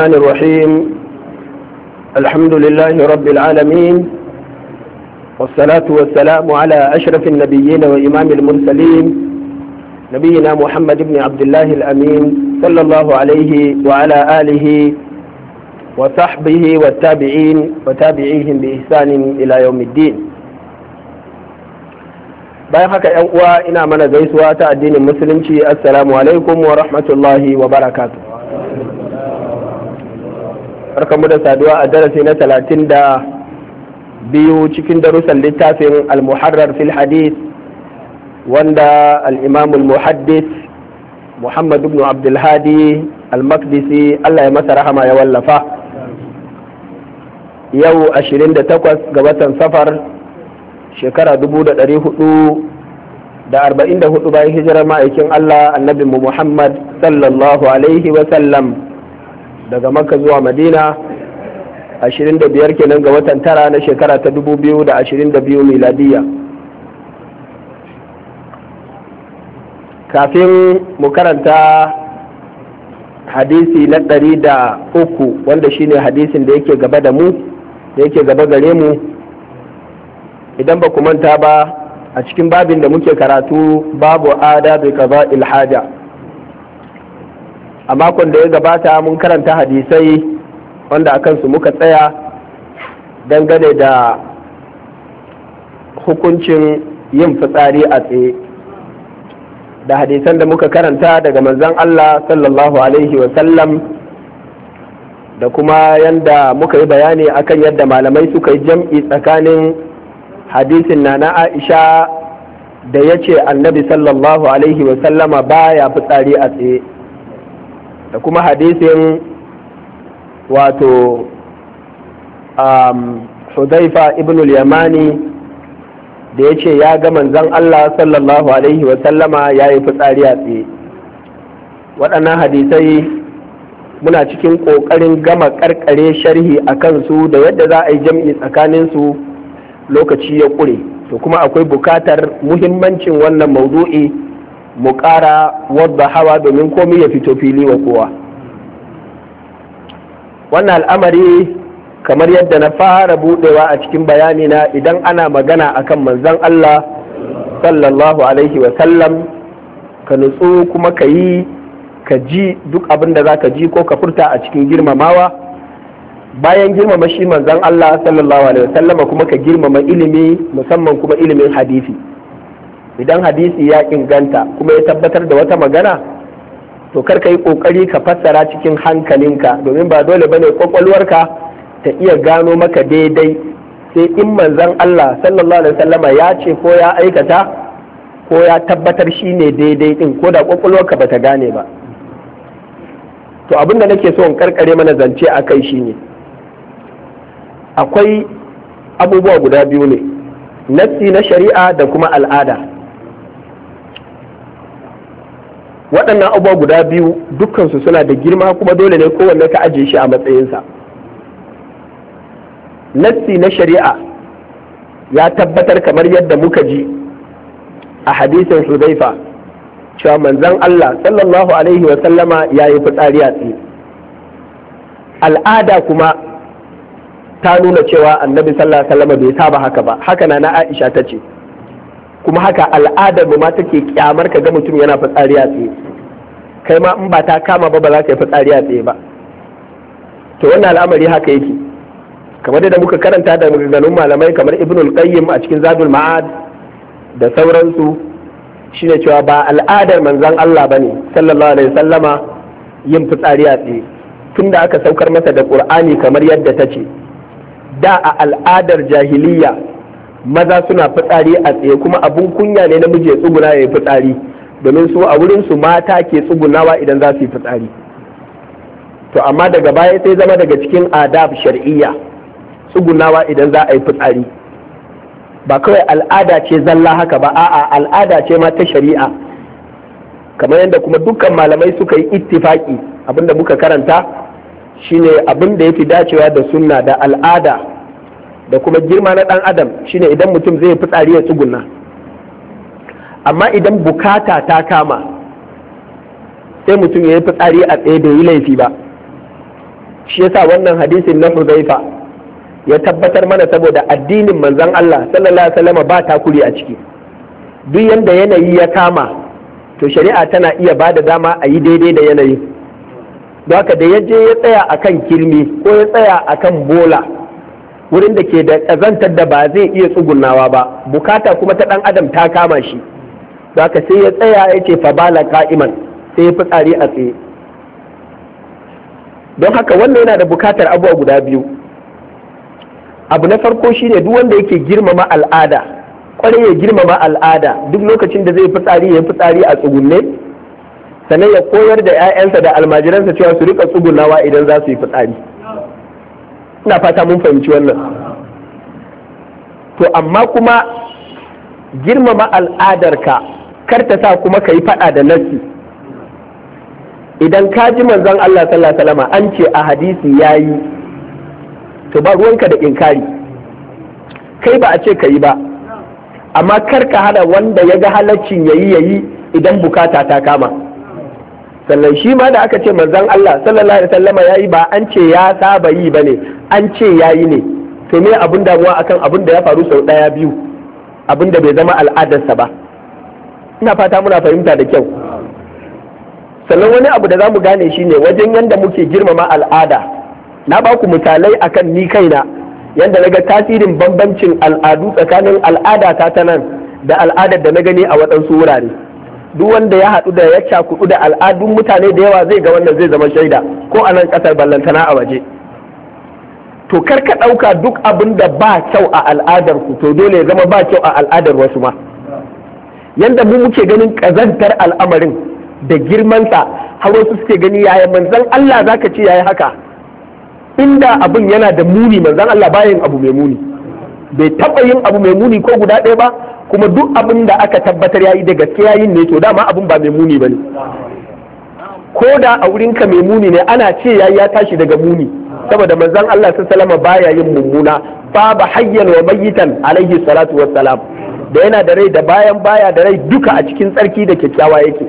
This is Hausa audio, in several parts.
الرحمن الرحيم الحمد لله رب العالمين والصلاة والسلام على أشرف النبيين وإمام المرسلين نبينا محمد بن عبد الله الأمين صلى الله عليه وعلى آله وصحبه والتابعين وتابعيهم بإحسان إلى يوم الدين bayan haka ‘yan uwa ina mana gaisuwa ta addinin musulunci assalamu alaikum wa rahmatullahi wa barakatuh mu da saduwa a darasi na talatin da biyu cikin darussan littafin al-muharrar fil hadith wanda al-imam muhaddis muhammad ibn abdulhadi al-makdisi allah ya masa rahama ya wallafa yau 28 ga watan safar shekara 444 bayan hijirar ma'aikin allah annabinmu muhammad sallallahu alaihi wasallam daga maka zuwa madina 25 kenan ga watan tara na shekara ta 2022 miladiya kafin mu karanta hadisi na ɗari da uku wanda shine hadisin da yake gaba da mu da yake gaba gare mu idan ba ku manta ba a cikin babin da muke karatu babu adabi kaza ilhaja a makon da ya gabata mun karanta hadisai wanda akan su muka tsaya dangane da hukuncin yin fitsari a tsaye da hadisan da muka karanta daga manzan Allah sallallahu alaihi wasallam da kuma yadda muka yi bayani akan yadda malamai suka yi jam'i tsakanin hadisin na na Aisha da ya ce annabi sallallahu alaihi wasallama baya fitsari a tsaye da kuma hadisin wato um, hudaifa ibn yamani da ya ce ya ga manzon Allah sallallahu alaihi wasallama ya yi fitsari a tsaye waɗannan hadisai muna cikin ƙoƙarin gama ƙarƙare sharhi a kansu da yadda za a yi jam'i tsakaninsu lokaci ya ƙure to kuma akwai buƙatar muhimmancin wannan maudu'i mu ƙara wadda hawa domin komai ya fito fili wa kowa wannan al'amari kamar yadda na fara buɗewa a cikin bayanina idan ana magana akan manzan Allah sallallahu alaihi wasallam ka nutsu kuma ka yi ka ji duk abin da za ka ji ko ka furta a cikin girmamawa bayan girmama shi manzan Allah sallallahu alaihi wasallama kuma ka girmama ilimi musamman kuma ilimin hadisi idan hadisi ya inganta kuma ya tabbatar da wata magana to kar ka yi kokari ka fassara cikin hankalinka domin ba dole bane kwakwalwarka ta iya gano maka daidai sai in manzon Allah sallallahu alaihi wasallama ya ce ko ya aikata ko ya tabbatar shi ne daidai din ko da kwakwalwarka bata gane ba to abin da nake so in karkare mana zance a kai ne, akwai abubuwa guda biyu ne nassi na shari'a da kuma al'ada waɗannan abubuwa guda biyu dukkansu suna da girma kuma dole ne kowanne ka ajiye shi a matsayinsa nassi na shari'a ya tabbatar kamar yadda muka ji a hadisin hudaifa cewa manzan Allah sallallahu alaihi wa sallama ya yi fitsari a al'ada kuma ta nuna cewa annabi sallallahu alaihi wa sallama bai saba haka ba haka na na Aisha ta ce kuma haka al'adar mu ma take kyamar ka ga mutum yana fitsari a tsaye kai ma in ba ta kama ba ba za ka yi fitsari a tsaye ba to wannan al'amari haka yake kamar da muka karanta da maganganun malamai kamar ibnul qayyim a cikin zadul ma'ad da sauransu shine cewa ba al'adar manzon Allah bane sallallahu alaihi wasallama yin fitsari a tsaye tunda aka saukar masa da qur'ani kamar yadda ta ce da a al'adar jahiliya maza suna fitsari a tsaye kuma abun kunya ne namiji ya tsuguna ya yi fitsari domin su a wurin su mata ke tsugunawa idan za su yi fitsari to amma daga baya sai zama daga cikin adab shar'iyya tsugunawa idan za a yi fitsari ba kawai al'ada ce zalla haka ba a'a al'ada ce ma ta shari'a kamar yadda kuma dukkan malamai suka yi ittifaki abinda muka karanta shine abin da yafi dacewa da sunna da al'ada da kuma girma na ɗan adam shine idan mutum zai fitsari ya tsuguna amma idan bukata ta kama sai mutum ya yi fitsari a tsaye bai yi laifi ba shi yasa wannan hadisin na huzaifa ya tabbatar mana saboda addinin manzan Allah sallallahu alaihi wasallam ba takuri a ciki duk yadda yanayi ya kama to shari'a tana iya ba da dama a yi daidai da yanayi don haka da ya je ya tsaya akan kirmi ko ya tsaya akan bola wurin da ke da ƙazantar da ba zai iya tsugunawa ba bukata kuma ta ɗan adam ta kama shi da ka sai ya tsaya ya ce fabala ka'iman sai ya fitsari a tsaye don haka wannan yana da bukatar abubuwa guda biyu abu na farko shine duk wanda yake girmama al'ada kwarai ya girmama al'ada duk lokacin da zai fitsari ya fitsari a tsugunne sannan ya koyar da 'ya'yansa da almajiransa cewa su rika tsugunawa idan za su yi fitsari ina fata mun fahimci wannan to amma kuma girmama al'adarka kar ta sa kuma ka yi faɗa da nassi idan ka ji manzon Allah sallallahu alaihi an ce a hadisi yayi to ba ruwanka da inkari kai ba a ce ka yi ba amma kar ka hada wanda ya ga halaccin yayi yayi idan bukata ta kama sannan shi ma da aka ce manzon Allah sallallahu alaihi wasallama yi ba an ce ya saba yi ba ne an ce ya yi ne to me abun damuwa akan abun da ya faru sau daya biyu abun da bai zama al'adarsa ba ina fata muna fahimta da kyau sannan wani abu da za mu gane shi ne wajen yadda muke girmama al'ada na ba ku misalai akan ni kaina yadda na ga tasirin bambancin al'adu tsakanin al'ada ta ta nan da al'adar da na gani a waɗansu wurare duk wanda ya haɗu da ya kuɗu da al'adun mutane da yawa zai ga wannan zai zama shaida ko a nan ƙasar ballantana a waje to kar ka ɗauka duk abin da ba kyau a al'adar ku to dole ya zama ba kyau a al'adar wasu ma yanda mu muke ganin ƙazantar al'amarin da girmansa har wasu suke gani yaya manzon Allah zaka ce yayi haka inda abin yana da muni manzan Allah bayan abu mai muni bai taɓa yin abu mai muni ko guda ɗaya ba kuma duk abin da aka tabbatar yayi da gaskiya yin ne to dama abin ba mai muni ba ne. ko da a wurin ka mai muni ne ana ce yayi ya tashi daga muni saboda manzon Allah sallallahu alaihi baya yin mummuna babu hayyan wa mayyitan alaihi salatu wassalam da yana da rai da bayan baya da rai duka a cikin tsarki da kyakkyawa yake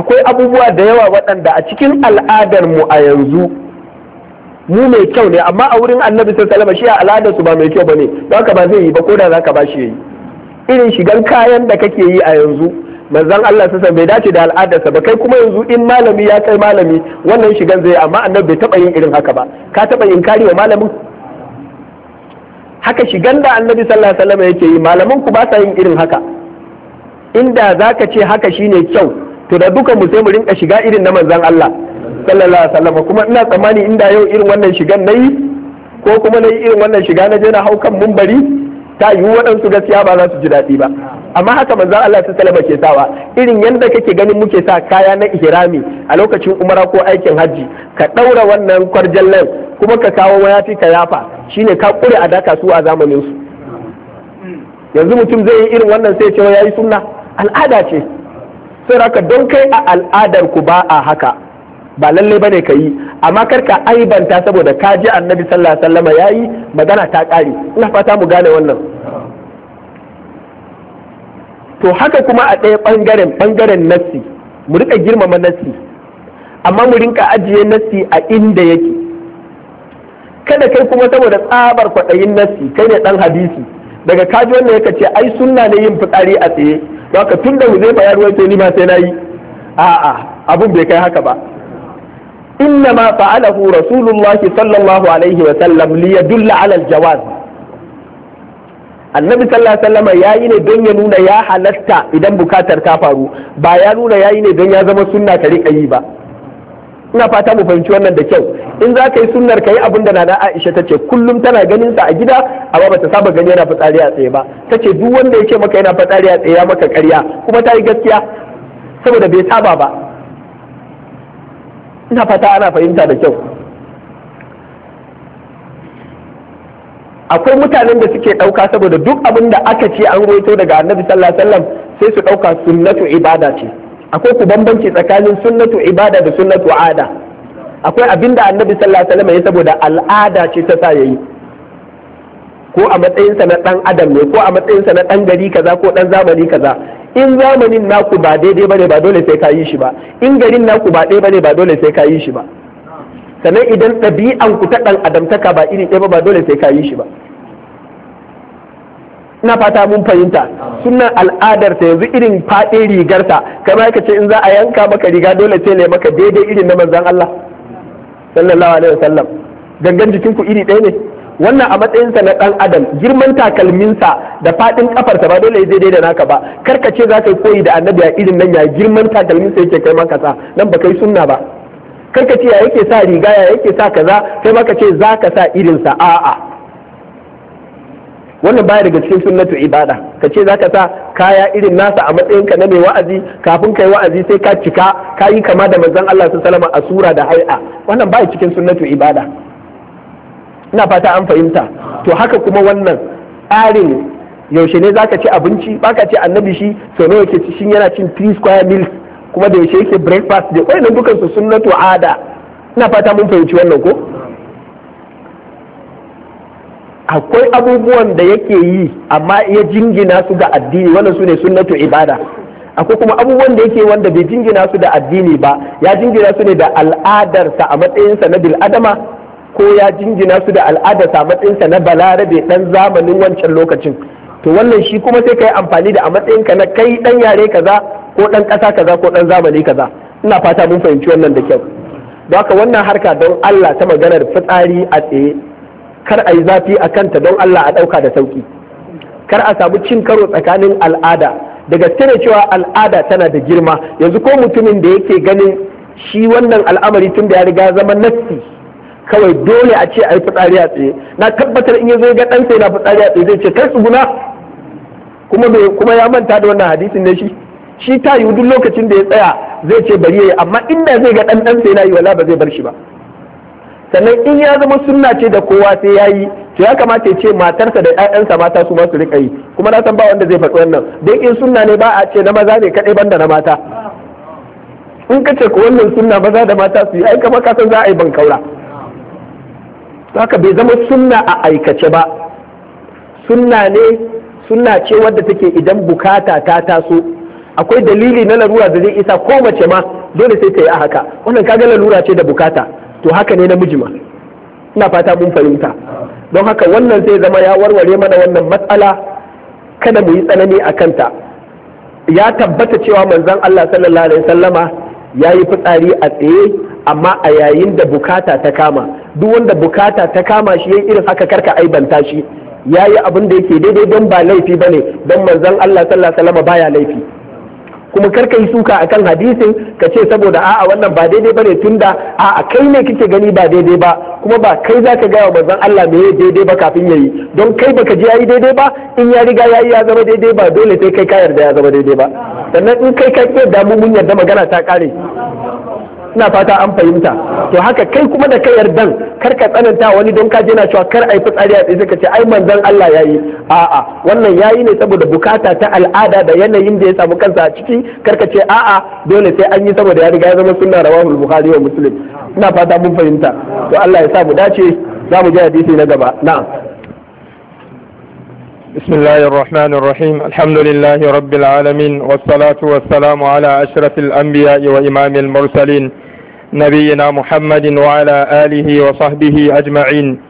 akwai abubuwa da yawa waɗanda a cikin al'adar mu a yanzu mu mai kyau ne amma a wurin annabi sai salama shi a al'adar su ba mai kyau bane don haka ba zai yi ba ko da zaka ba shi yayi irin shigan kayan da kake yi a yanzu manzon Allah sassa bai dace da al'adarsa ba kai kuma yanzu in malami ya kai malami wannan shigan zai amma annabi bai taba yin irin haka ba ka taba yin kari wa malamin haka shigan da annabi sallallahu alaihi wasallam yake yi malaman ku ba sa yin irin haka inda zaka ce haka shine kyau to da duka mu sai mu rinka shiga irin na manzon Allah sallallahu alaihi wasallam kuma ina tsammani inda yau irin wannan shigan nayi ko kuma nayi irin wannan shiga na je na hau kan mumbari ta yi waɗansu gaskiya ba za su ji daɗi ba amma haka manzon Allah ta salama ke sawa irin yadda kake ganin muke sa kaya na ihrami a lokacin umara ko aikin hajji ka ɗaura wannan kwarjallan kuma ka kawo fi ka yafa shine ka ƙure a daka su a zamanin su yanzu mutum zai yi irin wannan sai cewa yayi sunna al'ada ce sai raka don kai a al'adar ku ba a haka ba lalle ne ka yi amma kar ka aibanta saboda ka ji annabi sallallahu alaihi wasallama yayi magana ta kare ina fata mu gane wannan to haka kuma a ɗaya ɓangaren ɓangaren nassi mu rika girmama nassi amma mu rinka ajiye nassi a inda yake kada kai kuma saboda tsabar kwaɗayin nassi kai ne ɗan hadisi daga kaji wannan yaka ce ai sunna ne yin fitsari a tsaye don ka tun da huzaifa ya ni ma sai na yi a'a abun bai kai haka ba inna ma fa'alahu rasulullahi sallallahu alaihi wa sallam li yadulla ala aljawaz annabi sallallahu alaihi wasallam yayi ne don ya nuna ya halatta idan bukatar ta faru ba ya nuna yayi ne don ya zama sunna ka rika yi ba ina fata mu fahimci wannan da kyau in za ka yi sunnar ka yi abin da nana Aisha ta ce kullum tana ganin sa a gida amma bata saba gani yana fitsari a tsaye ba ta ce duk wanda ya ce maka yana fitsari a tsaye ya maka ƙarya kuma ta yi gaskiya saboda bai saba ba ina fata ana fahimta da kyau akwai mutanen da suke ɗauka saboda duk abin da aka ce an roito daga annabi sallallahu alaihi wasallam sai su ɗauka sunnatu ibada ce akwai ku bambanci tsakanin sunnatu ibada da sunnatu ada akwai abin da annabi sallallahu alaihi wasallam ya saboda al'ada ce ta sa yayi ko a matsayinsa na ɗan adam ne ko a matsayinsa na ɗan gari kaza ko ɗan zamani kaza in zamanin naku ba daidai bane ba dole sai ka yi shi ba in garin naku ba daidai bane ba dole sai ka yi shi ba sannan idan ɗabi'an ku ta ɗan adamtaka ba iri ɗaya ba dole sai ka yi shi ba na fata mun fahimta sunan al'adar ta yanzu irin faɗin rigarta kamar ka ce in za a yanka maka riga dole sai ne maka daidai irin na manzon Allah sallallahu alaihi wasallam gangan jikin ku iri ɗaya ne wannan a matsayinsa na ɗan adam girman takalminsa da faɗin ƙafarsa ba dole zai daidai naka ba karka ce za ka koyi da annabi a irin nan ya girman takalminsa yake kai maka sa nan ba kai sunna ba karka ce ya yake sa riga ya yake sa kaza kai maka ce za ka sa irinsa a'a wannan baya daga cikin sunnatu ibada ka ce za ka sa kaya irin nasa a matsayinka na mai wa'azi kafin kai wa'azi sai ka cika ka yi kama da manzon Allah sallallahu alaihi wasallam a sura da hai'a wannan baya cikin sunnatu ibada ina fata an fahimta to haka kuma wannan tsarin yaushe ne zaka ci abinci baka ci annabi shi sau nawa yake ci yana cin three square meals kuma da yaushe yake breakfast da wannan dukan su sunnatu ada ina fata mun fahimci wannan ko akwai abubuwan da yake yi amma ya jingina su ga addini wannan su ne sunnatu ibada akwai kuma abubuwan da yake wanda bai jingina su da addini ba ya jingina su ne da al'adarsa a matsayinsa na bil'adama ko ya jingina su da a matsayinsa na balarabe dan zamanin wancan lokacin to wannan shi kuma sai ka yi amfani da a matsayinka na kai ɗan yare kaza ko dan ƙasa kaza ko dan zamani kaza ina fata mun fahimci wannan da kyau don haka wannan harka don Allah ta maganar fitsari a tsaye kar a yi zafi a kanta don Allah a ɗauka da sauki kar a samu cin karo tsakanin al'ada da gaske ne cewa al'ada tana da girma yanzu ko mutumin da yake ganin shi wannan al'amari tun da ya riga zama nassi kawai dole a ce a yi fitsari a tsaye na tabbatar in yanzu ga ɗansa yana fitsari a tsaye zai ce kai tsuguna kuma ya manta da wannan hadisin na shi shi ta yi duk lokacin da ya tsaya zai ce bari ya yayi amma inda zai ga ɗan ɗansa yana yi wala ba zai bar shi ba sannan in ya zama sunna ce da kowa sai ya yi to ya kamata ya ce matarsa da 'ya'yansa mata su ma su rika yi kuma na san ba wanda zai faɗi wannan dai in sunna ne ba a ce na maza ne kaɗai banda na mata in ka ce ko wannan sunna maza da mata su yi ai kamar ka san za a yi bankaura haka bai zama sunna a aikace ba sunna ne sunna ce wadda take idan bukata ta taso akwai dalili na larura da zai isa ko mace ma dole sai ta yi a haka wannan kaga larura ce da bukata to haka ne namiji ma ina fata mun fahimta don haka wannan sai zama ya warware mana wannan matsala kada mu yi tsanani a kanta ya tabbata cewa manzon Allah sallallahu alaihi sallama ya yi fitsari a tsaye amma a yayin da bukata ta kama duk wanda bukata ta kama shi yayi irin haka karka aibanta shi yayi abin da yake daidai don ba laifi bane don manzon Allah sallallahu alaihi wasallam baya laifi kuma karka yi suka akan hadisin ka ce saboda a'a wannan ba daidai bane tunda a'a kai ne kike gani ba daidai ba kuma ba kai zaka gaya wa manzon Allah me yayi daidai ba kafin yayi don kai baka ji yayi daidai ba in ya riga yayi ya zama daidai ba dole sai kai ka yarda ya zama daidai ba sannan in kai ka ke damu mun yarda magana ta kare ina fata an fahimta to haka kai kuma da ka yardan kar ka tsananta wani don ka je na cewa kar ai fitsari a tsaye ka ce ai manzon Allah yayi a'a wannan yayi ne saboda bukata ta al'ada da yanayin da ya samu kansa a ciki kar ka ce a'a dole sai an yi saboda ya riga ya zama sunna rawahul bukhari wa muslim ina fata mun fahimta to Allah ya sa mu dace za mu je hadisi na gaba na'am بسم الله الرحمن الرحيم الحمد لله رب العالمين والصلاة والسلام على أشرف الأنبياء وإمام المرسلين نبينا محمد وعلى آله وصحبه أجمعين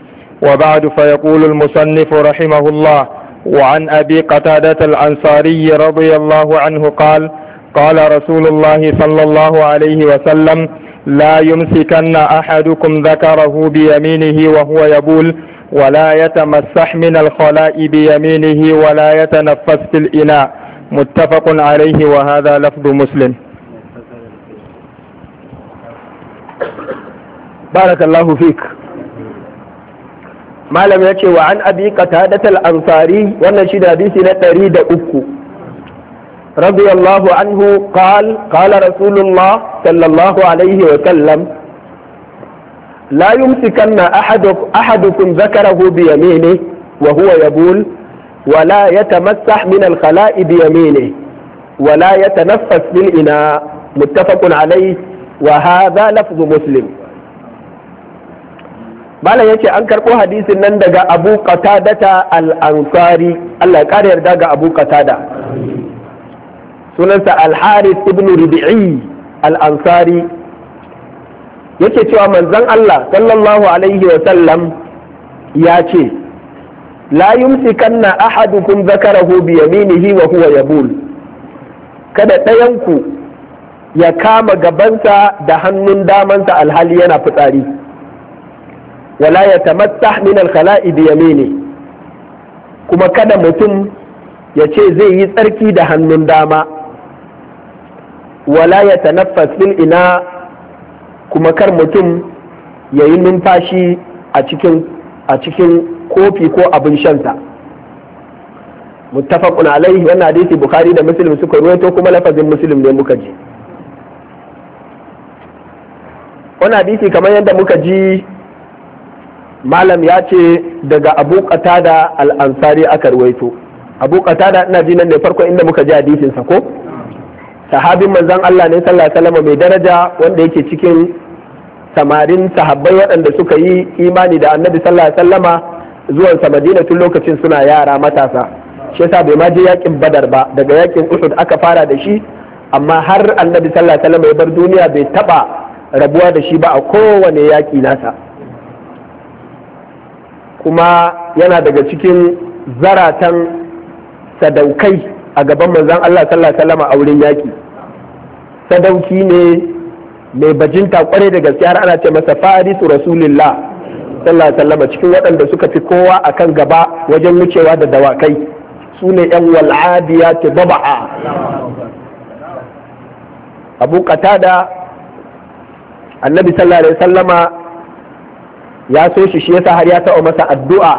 وبعد فيقول المصنف رحمه الله وعن أبي قتادة الأنصاري رضي الله عنه قال قال رسول الله صلى الله عليه وسلم لا يمسكن أحدكم ذكره بيمينه وهو يبول ولا يتمسح من الخلاء بيمينه ولا يتنفس في الإناء متفق عليه وهذا لفظ مسلم بارك الله فيك ما لم يكن وعن أبي قتادة الأنصاري ونشد شدابيس نتريد أكو رضي الله عنه قال قال رسول الله صلى الله عليه وسلم لا يمسكن أحد أحدكم ذكره بيمينه وهو يقول ولا يتمسح من الخلاء بيمينه ولا يتنفس بالإناء متفق عليه وهذا لفظ مسلم malam yace an karɓo hadisin nan daga abu qatadata al-ansari Allah ya ƙara yarda ga abu qatada sunansa al-harith ibn rubi'i al-ansari yake cewa manzon Allah sallallahu alaihi wa sallam ya ce la yumsikanna ahadukum zakarahu bi yaminihi wa huwa yabul kada ɗayanku ya kama gabansa da hannun damansa alhali yana fitsari wala ya tamatta min alkhala'i bi yamini kuma kada mutum ya ce zai yi tsarki da hannun dama wala ya tanaffas bil ina kuma kar mutum ya yi numfashi a cikin a cikin kofi ko abin shansa muttafaqun alaihi wannan hadisi bukhari da muslim suka ruwaito kuma lafazin muslim ne muka ji wannan hadisi kamar yadda muka ji malam ya ce daga abu qatada al-ansari aka ruwaito abu qatada ina ji nan ne farko inda muka ji hadisin sa ko sahabin manzon Allah ne sallallahu alaihi wasallam mai daraja wanda yake cikin samarin sahabbai waɗanda suka yi imani da annabi sallallahu alaihi wasallama zuwan sa Madina tun lokacin suna yara matasa shi yasa bai ma je yakin Badar ba daga yakin Uhud aka fara da shi amma har annabi sallallahu alaihi wasallam ya bar duniya bai taba rabuwa da shi ba a kowane yaki nasa kuma yana daga cikin zaratan sadaukai a gaban manzan Allah sallallahu alaihi a wurin yaƙi. sadauki ne mai bajinta kwarai da gaskiya ana ce masa farisu rasulillah sallallahu alaihi wasallam cikin waɗanda suka fi kowa a kan gaba wajen wucewa da dawakai su ne yan ta baba'a abu qatada annabi sallallahu alaihi wasallama ya so shi shi yasa har ya taɓa masa addu'a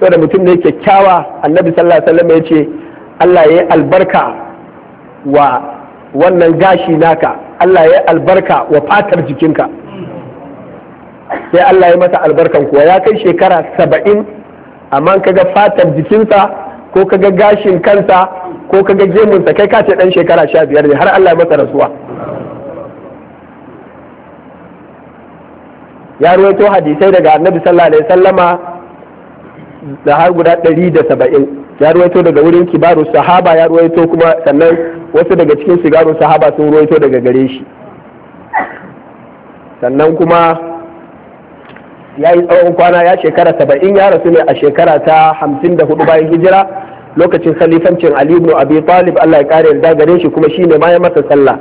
saboda mutum ne kyakkyawa annabi sallallahu alaihi wasallam ya ce Allah ya yi albarka wa wannan gashi naka Allah ya yi albarka wa fatar jikinka sai Allah ya masa albarkan kuwa ya kai shekara saba'in amma kaga fatar jikinsa ko kaga gashin kansa ko kaga gemunsa kai kace ce dan shekara sha biyar ne har Allah ya masa rasuwa ya ruwaito hadisai daga annabi sallallahu alaihi wasallama da har guda 170 ya ruwaito daga wurin kibaru sahaba ya ruwaito kuma sannan wasu daga cikin sigarun sahaba sun ruwaito daga gare shi sannan kuma ya yi tsawon kwana ya shekara 70 ya rasu ne a shekara ta hamsin da 54 bayan hijira lokacin khalifancin Ali ibn Abi Talib Allah ya kare yarda gare shi kuma shine ma ya masa sallah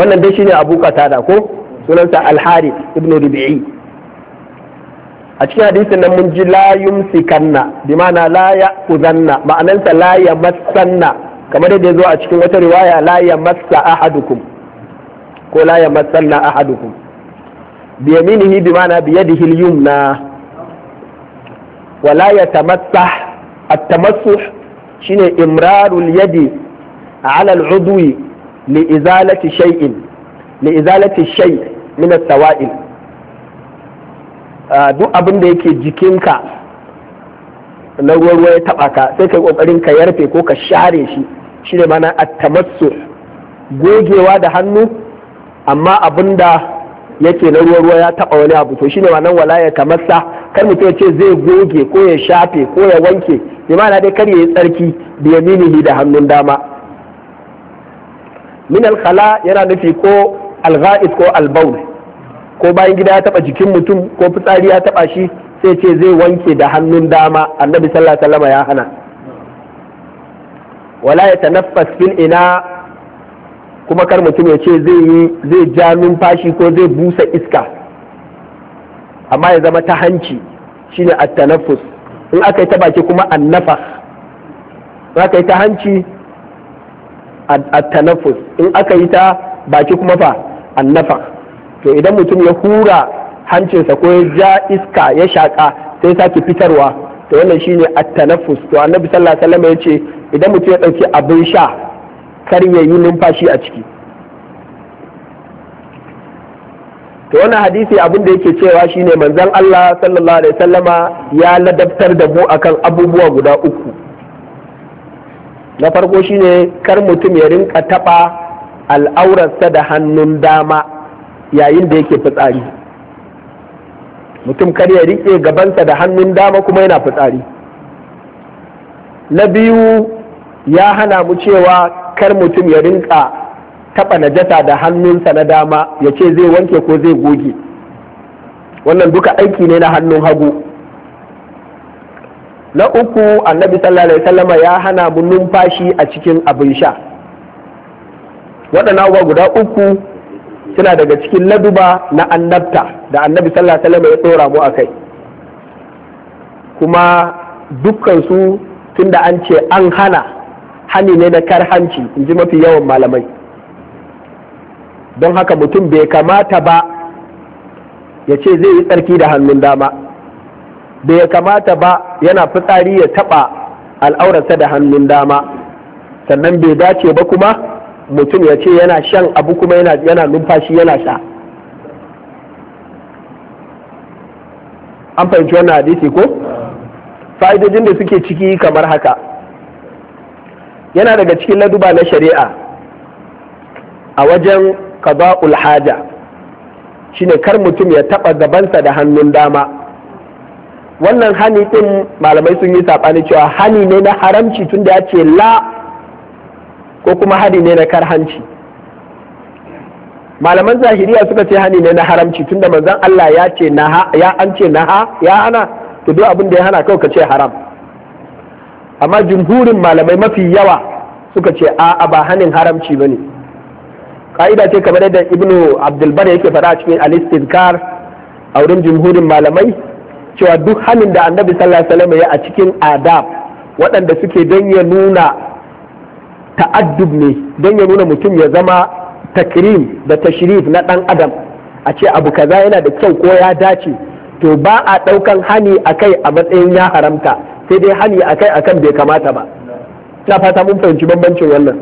wannan dai shine Abu da ko sunansa al-harith ibn rubi'i a cikin hadisin nan mun ji la yumsikanna bi ma'ana la ya'khuzanna ma'anansa la yamassanna kamar yadda zo a cikin wata riwaya la yamassa ahadukum ko la yamassanna ahadukum bi yaminihi bi ma'ana bi yadihi al-yumna wa la yatamassah at-tamassuh shine imrarul yadi ala al-udwi li izalati shay'in li izalati shay'in min sawa'il ah, duk abin da yake jikinka na ruwa ruwa ya taba ka sai kai kokarin ka yarfe ko ka share shi shine mana at-tamassu gogewa da hannu amma abinda da yake na ruwa ruwa ya taba wani abu to shine wannan wala ya kamassa kar mutum ya ce zai goge ko ya shafe ko ya wanke bi ma'ana dai kar ya yi tsarki da yaminihi da hannun dama min al-khala yana nufi ko alga'id ko albaul ko bayan gida ya taba jikin mutum ko fitsari ya taba shi sai ce zai wanke da hannun dama annabi sallallahu alaihi wasallam ya hana wala ya tanaffas fil ina kuma kar mutum ya ce zai yi zai ja numfashi ko zai busa iska amma ya zama ta hanci shine at-tanaffus in aka yi ta baki kuma annafa in aka yi ta hanci at-tanaffus in aka yi ta baki kuma fa annafa to idan mutum ya hura hancinsa ko ya ja iska ya shaƙa sai sake fitarwa to wannan shine at-tanaffus to annabi sallallahu alaihi wasallam yace idan mutum ya dauki abin sha kar ya yi numfashi a ciki to wannan hadisi abin da yake cewa shine manzon Allah sallallahu alaihi wasallama ya ladabtar da mu akan abubuwa guda uku na farko shine kar mutum ya rinka taɓa. al'aurarsa da hannun dama yayin da yake fitsari mutum kar ya riƙe gabansa da hannun dama kuma yana fitsari na biyu ya hana mu cewa kar mutum ya rinka taɓa najasa da hannunsa na dama ya ce zai wanke ko zai goge wannan duka aiki ne na hannun hagu na uku annabi sallallahu alaihi wasallama ya hana mu numfashi a cikin abin sha waɗannan abubuwa guda uku suna daga cikin laduba na annabta da annabi sallallahu alaihi wasallam ya tsora mu akai kuma dukkan su tunda an ce an hana hani ne na karhanci in ji mafi yawan malamai don haka mutum bai kamata ba ya ce zai yi tsarki da hannun dama bai kamata ba yana fitsari ya taɓa al'aurarsa da hannun dama sannan bai dace ba kuma mutum ya ce yana shan abu kuma yana numfashi yana sha an fahimci wannan hadisi ko fa'idojin da suke ciki kamar haka yana daga cikin laduba na shari'a a wajen qada'ul haja shine kar mutum ya taɓa gabansa da hannun dama wannan hani din malamai sun yi saɓani cewa hani ne na haramci tunda ya ce la ko kuma hari ne na kar hanci? malaman zahiriya suka ce hani ne na haramci tunda manzon Allah ya ce naha ya an ce naha ya hana to duk abin da ya hana kawai ka ce haram amma jumhurin malamai mafi yawa suka ce a ba hanin haramci bane ka'ida ce kamar yadda ibnu abdulbar yake faɗa a cikin al-istizkar a wurin jumhurin malamai cewa duk hanin da annabi sallallahu alaihi wasallam ya a cikin adab waɗanda suke don ya nuna ta'addub ne don ya nuna mutum ya zama takrim da tashrif na ɗan adam a ce abu kaza yana da kyau ko ya dace to ba a ɗaukan hani akai a matsayin ya haramta sai dai hani akai akan bai kamata ba ina fata mun fahimci bambancin wannan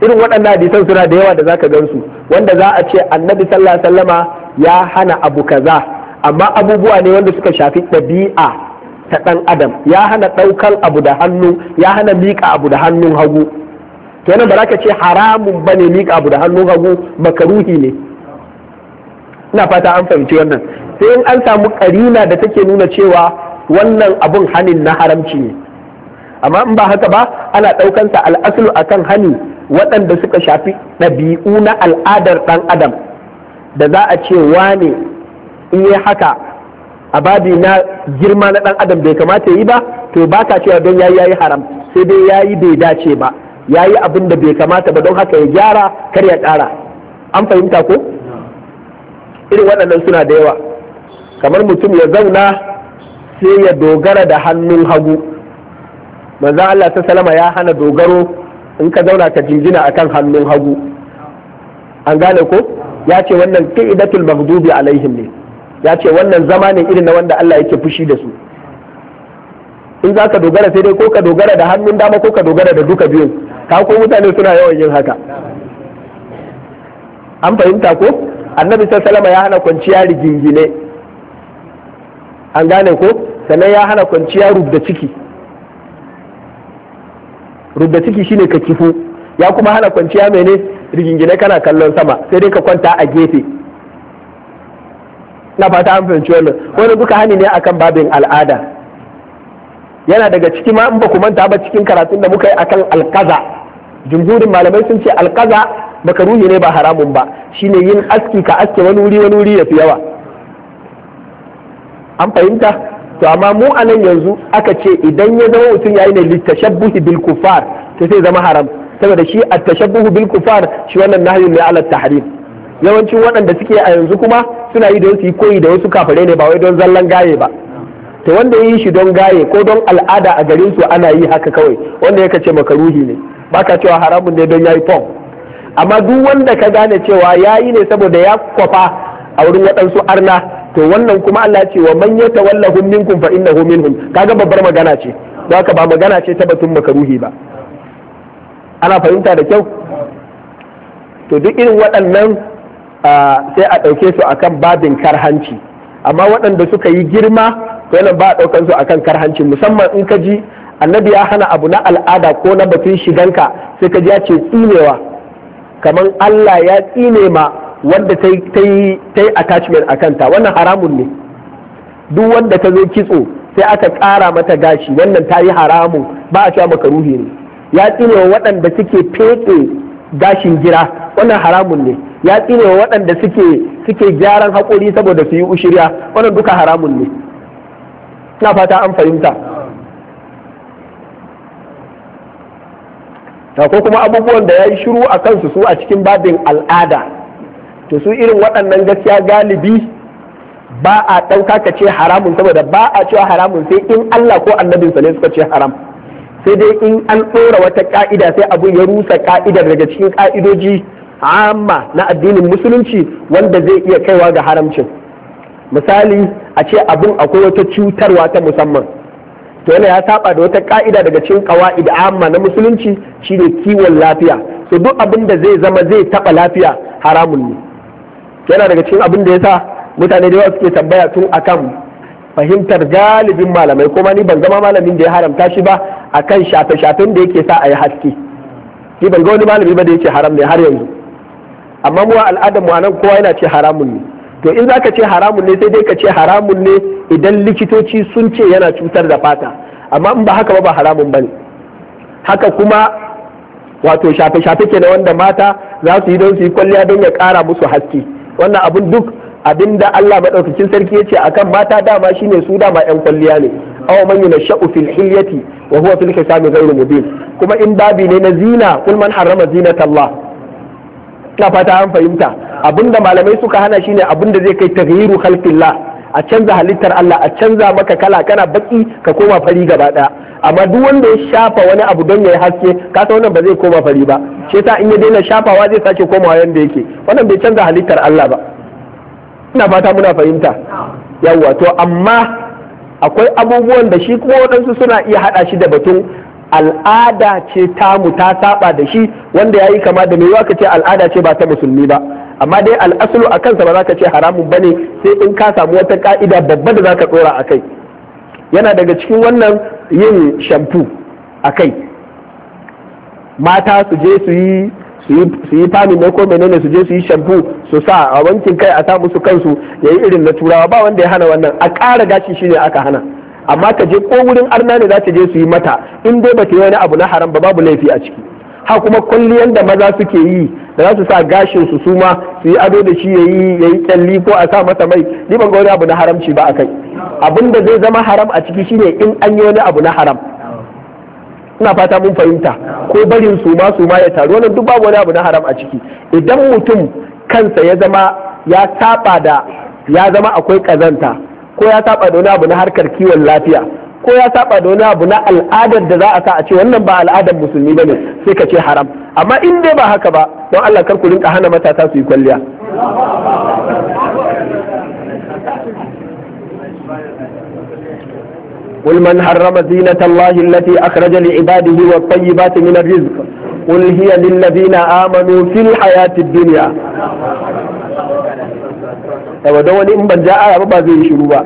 irin waɗannan hadisan suna da yawa da zaka gansu wanda za a ce annabi sallallahu alaihi wasallama ya hana abu kaza amma abubuwa ne wanda suka shafi ɗabi'a ta ɗan adam ya hana ɗaukan abu da hannu ya hana miƙa abu da hannun hagu to nan ba za ka ce haramun ba ne miƙa abu da hannun hagu makaruhi ne ina fata an fahimci wannan sai in an samu karina da take nuna cewa wannan abun hanin na haramci ne amma in ba haka ba ana ɗaukansa a akan hani waɗanda suka shafi ɗabi'u na al'adar ɗan adam da za a ce wane in yi haka a babi na girma na ɗan adam bai kamata yi ba to ba ka cewa don ya yayi haram sai dai yayi bai dace ba ya yi abin da bai kamata ba don haka ya gyara kar ya ƙara an fahimta ko irin waɗannan suna da yawa kamar mutum ya zauna sai ya dogara da hannun hagu manzan Allah ta salama ya hana dogaro in ka zauna ka jinjina akan hannun hagu an gane ko ya ce wannan ƙa'idatul mahdubi alaihim ne ya ce wannan zama ne irin na wanda Allah yake fushi da su in za ka dogara sai dai ko ka dogara da hannun dama ko ka dogara da duka biyun ka ko mutane suna yawan yin haka an fahimta ko annabi sallama ya hana kwanciya rigingine an gane ko sannan ya hana kwanciya rubda ciki rubda ciki shine ka kifo ya kuma hana kwanciya mene rigingine kana kallon sama sai dai ka kwanta a gefe na fata an fahimci wannan wani duka hani ne akan babin al'ada yana daga ciki ma in ba ku manta ba cikin karatun da muka yi akan alkaza jumhurin malamai sun ce alkaza makaruhi ne ba haramun ba shine yin aski ka aske wani wuri wani wuri ya fi yawa an fahimta to amma mu a nan yanzu aka ce idan ya zama mutum ya yi ne litashabbuhi bil kufar to sai zama haram saboda shi at-tashabbuhu bil kufar shi wannan nahyi ne ala tahrim yawancin waɗanda suke a yanzu kuma suna yi da su yi koyi da wasu kafare ne ba wai don zallan gaye ba to wanda ya yi shi don gaye ko don al'ada a garin su ana yi haka kawai wanda ya ce makaruhi ne baka cewa haramun ne don ya yi pom amma duk wanda ka gane cewa ya yi ne saboda ya kwafa a wurin waɗansu arna to wannan kuma Allah ce wa man yatawallahum minkum fa innahu minhum kaga babbar magana ce ba ka ba magana ce ta batun makaruhi ba ana fahimta da kyau to duk irin waɗannan sai a ɗauke su akan babin karhanci amma waɗanda suka yi girma to yana ba a ɗaukan su akan karhanci musamman in ka ji annabi ya hana abu na al'ada ko na batun shiganka sai ka ya ce tsinewa kamar Allah ya tsine ma wanda ta yi attachment a kanta wannan haramun ne duk wanda ta zo kitso sai aka ƙara mata gashi wannan ta yi haramu ba a cewa makaruhi ne ya tsine wa waɗanda suke feke gashin gira wannan haramun ne ya tsine wa waɗanda suke gyaran haƙori saboda su yi ushirya wannan duka haramun ne ina fata an fahimta ta ko kuma abubuwan da ya yi shiru a kansu su a cikin babin al'ada to su irin waɗannan gaskiya galibi ba a ɗauka ka ce haramun saboda ba a cewa haramun sai in Allah ko annabinsa ne suka ce haram sai dai in an ɗora wata ƙa'ida sai abu ya rusa ka'idar daga cikin ka'idoji amma na addinin musulunci wanda zai iya kaiwa ga haramcin misali a ce abin akwai wata cutarwa ta musamman to yana ya saba da wata ka'ida daga cikin qawaid amma na musulunci shine kiwon lafiya to duk abin da zai zama zai taba lafiya haramun ne yana daga cikin abin da yasa mutane da yawa suke tambaya tun akan fahimtar galibin malamai kuma ni ban zama malamin da ya haramta shi ba akan shafe-shafen da yake sa a yi haske ni ban ga wani malami ba da yake haram ne har yanzu amma mu al'adar mu nan kowa yana ce haramun ne to in zaka ce haramun ne sai dai ka ce haramun ne idan likitoci sun ce yana cutar da fata amma in ba haka ba ba haramun bane haka kuma wato shafe-shafe ke na wanda mata za su yi don su yi kwalliya don ya ƙara musu haske wannan abin duk abin da Allah maɗaukacin sarki ya ce akan mata dama shine su dama 'yan kwalliya ne aw man yunashau fil hilyati wa huwa fil khisami ghayru mubin kuma in babi ne na zina kul man harrama zinatallah ina fata an fahimta abinda malamai suka hana shine abinda zai kai taghyiru khalqillah a canza halittar Allah a canza maka kala kana baki ka koma fari gaba daya amma duk wanda ya shafa wani abu don yi haske ka san wannan ba zai koma fari ba shi yasa in ya daina shafawa zai sake komawa yanda yake wannan bai canza halittar Allah ba ina fata muna fahimta yawwa to amma akwai abubuwan da shi kuma waɗansu suna iya haɗa shi da batun al'ada ce tamu ta saba da shi wanda yayi kama da me ka ce al'ada ce ba ta musulmi ba amma dai al'asulu a kansa ba za ka ce haramun ba ne sai in ka samu wata ka'ida babba da za ka tsora a kai yana daga cikin wannan yin shamfu a kai mata su je su yi su fami ne ko menene su je su yi shamfu su sa a wankin kai a sa musu kansu ya yi irin na turawa ba wanda ya hana wannan a ƙara gashi shine aka hana amma ka je ko wurin arna ne za ta je su yi mata in dai ba ta yi wani abu na haram ba babu laifi a ciki ha kuma kulliyan da maza suke yi da za su sa gashin su suma su yi ado da shi ya yi kyalli ko a sa masa mai ni ban ga wani abu na haramci ba akai abin da zai zama haram a ciki shine in an yi wani abu na haram ina fata mun fahimta ko barin suma suma ya taru wannan duk babu wani abu na haram a ciki idan mutum kansa ya zama ya saba da ya zama akwai kazanta ko ya saba da wani abu na harkar kiwon lafiya ko ya saba da wani abu na al'adar da za a sa a ce wannan ba al'adar musulmi bane sai ka ce haram amma in dai ba haka ba don Allah kar ku rinka hana matasa su yi kwalliya قل من حرم زينة الله التي أخرج لعباده والطيبات من الرزق قل هي للذين آمنوا في الحياة الدنيا yawa don wani in ban ja aya ba zai yi shiru ba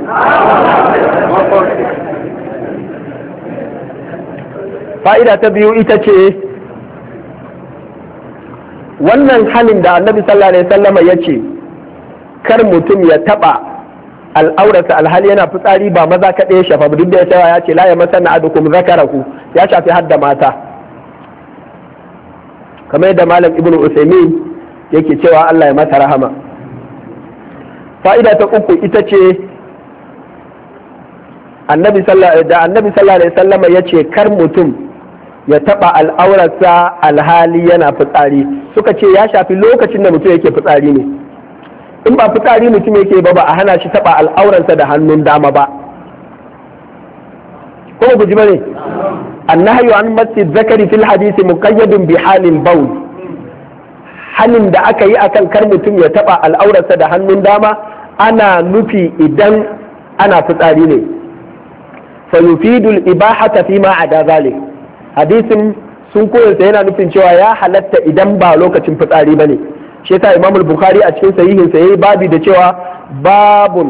fa'ida ta biyu ita ce wannan halin da annabi sallallahu alaihi wasallama ya ce kar mutum ya taɓa al'aurata alhal yana fitsari ba maza kaɗai ya shafa duk da ya cewa ya ce la ya na adukum zakaraku ya shafi har da mata kamar yadda malam ibn usaimin yake cewa Allah ya masa rahama fa'ida ta uku ita ce annabi sallallahu alaihi wasallama ya ce kar mutum ya taɓa al'aurarsa alhali yana fitsari suka ce ya shafi lokacin da mutum yake fitsari ne in ba fitsari mutum yake ba ba a hana shi taɓa al'aurarsa da hannun dama ba kuma guji ne annahayu an masjid zakari fil hadisi muqayyadun bi halin bawl hanin da aka yi akan kar mutum ya taba al'aurarsa da hannun dama ana nufi idan ana fitsari ne fayufidul ibahata fi ma ada zalik hadisin sun koyarsa yana nufin cewa ya halatta idan ba lokacin fitsari ba ne shi yasa imamul bukhari a cikin sahihin sa yayi babi da cewa babun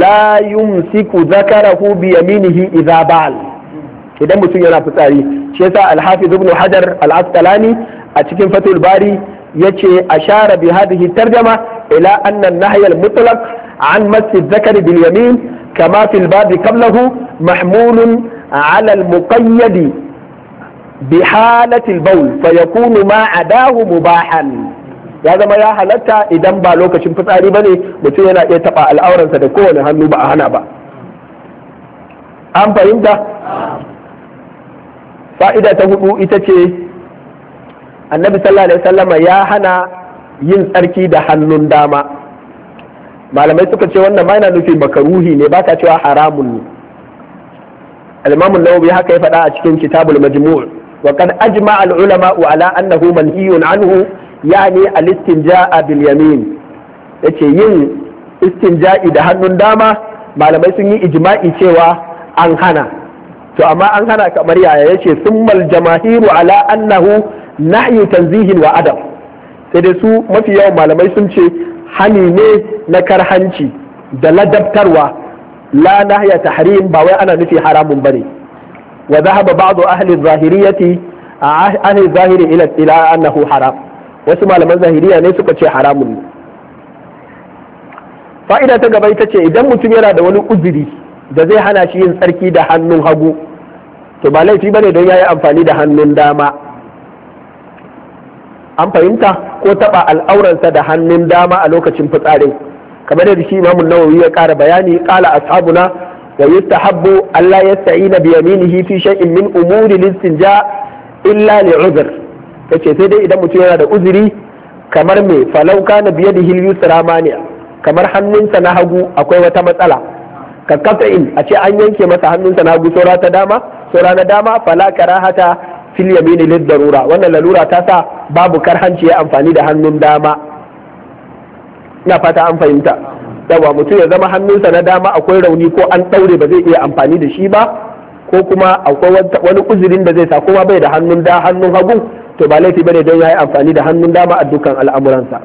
la yumsiku zakarahu bi yaminihi idza ba'al idan mutum yana fitsari shi yasa al-hafiz ibn hajar al-asqalani a cikin fatul bari yace ashara bi hadhihi tarjama ila anna an-nahy al-mutlaq an masjid zakari bil yamin kama fil babi qablahu mahmulun ala al-muqayyad bi البول فيكون ما عداه ma adahu ya zama ya halatta idan ba lokacin fitsari ne, mutum yana iya taɓa al'auransa da kowane hannu ba a hana ba an fahimta fa'ida ta hudu ita ce annabi sallallahu alaihi wasallama ya hana yin tsarki da hannun dama malamai suka ce wannan ma yana nufin makaruhi ne ba ta cewa haramun ne al nawawi haka ya faɗa a cikin kitabul majmu' wa kad ajma al ulama annahu manhiyun anhu yani al istinja'a bil yamin yace yin istinja'i da hannun dama malamai sun yi ijima'i cewa an hana to amma an hana kamar yaya yace summal jamahiru ala annahu nahyu tanzihin wa sai dai su mafi yawan malamai sun ce hani ne na karhanci da ladabtarwa la nahya tahrim ba wai ana nufi haramun ba ne. wa zahaba ba'du ahli zahiriyati ahli zahiri ila ila annahu haram wasu malaman zahiriya ne suka ce haramun ne fa'ida ta gaba ita ce idan mutum yana da wani uzuri da zai hana shi yin tsarki da hannun hagu to ba laifi bane don yayi amfani da hannun dama an fahimta ko taba al'auransa da hannun dama a lokacin fitsarin kamar da shi imamun nawawi ya kara bayani kala ashabuna ويستحب ألا يستعين بيمينه في شيء من أمور الاستنجاء إلا لعذر yace sai dai idan mutum yana da uzuri kamar me falauka na biye da hilyu kamar hannunsa na hagu akwai wata matsala ka kafa in a ce an yanke masa hannunsa na hagu saura ta dama saura na dama fala karahata fil yamini lid darura wannan lalura ta sa babu karhanci ya amfani da hannun dama ina fata an fahimta yawa mutum ya zama hannunsa na dama akwai rauni ko an ɗaure ba zai iya amfani da shi ba ko kuma akwai wani uzurin da zai sa kuma bai da hannun da hannun hagu to ba laifi bane don yayi amfani da hannun dama a dukkan al'amuransa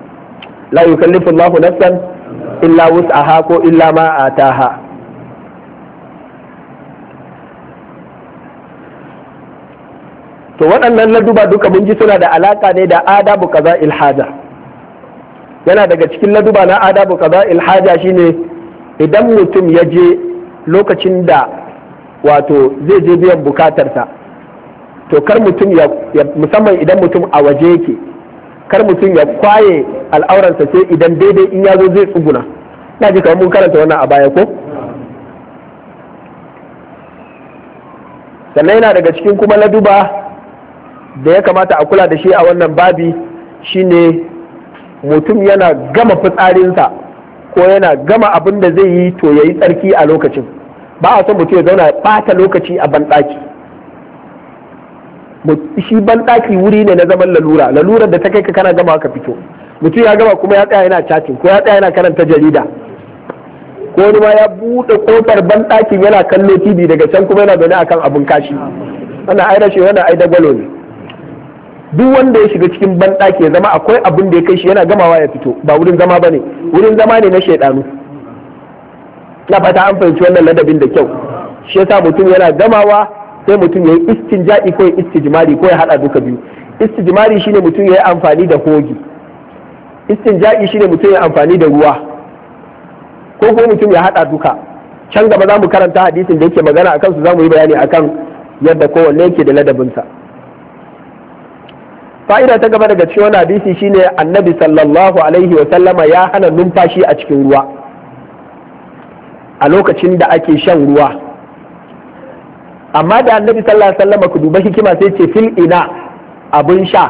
la yukallifu Allahu nafsan illa wus'aha ko illa ma ataha to waɗannan laduba duka mun ji suna da alaka ne da adabu kaza ilhaja yana daga cikin laduba na adabu kaza ilhaja shine idan mutum ya je lokacin da wato zai je biyan bukatarsa to kar mutum ya musamman idan mutum a waje yake kar mutum ya kwaye al'auransa sai idan daidai in ya zo zai tsuguna na ji kamar mun karanta wannan a baya ko sannan yana daga cikin kuma laduba da ya kamata a kula da shi a wannan babi shine mutum yana gama fitsarinsa ko yana gama abin da zai yi to ya yi tsarki a lokacin ba a son mutum ya zauna ya ɓata lokaci a banɗaki shi banɗaki wuri ne na zaman lalura lalurar da ta kai ka kana gama ka fito mutum ya gama kuma ya tsaya yana chatting ko ya tsaya yana karanta jarida ko wani ma ya buɗe ƙofar banɗakin yana kallo tv daga can kuma yana zaune akan abin kashi wannan ai rashin wannan ai dagwalo ne duk wanda ya shiga cikin banɗaki ya zama akwai abin da ya kai shi yana gamawa ya fito ba wurin zama ba ne wurin zama ne na shaidanu na fata an fahimci wannan ladabin da kyau shi yasa mutum yana gamawa sai mutum ya yi istinja'i ko ya istijmari ko ya haɗa duka biyu istijmari shine mutum ya yi amfani da hogi istinja'i shine mutum ya yi amfani da ruwa ko ko mutum ya haɗa duka can gaba za mu karanta hadisin da yake magana akan su za mu yi bayani akan yadda kowanne yake da ladabinsa. fa'ida ta gaba daga cikin hadisi shine annabi sallallahu alaihi wa sallama ya hana numfashi a cikin ruwa a lokacin da ake shan ruwa amma da annabi sallallahu alaihi wa sallama ku duba hikima sai ce fil ina abin sha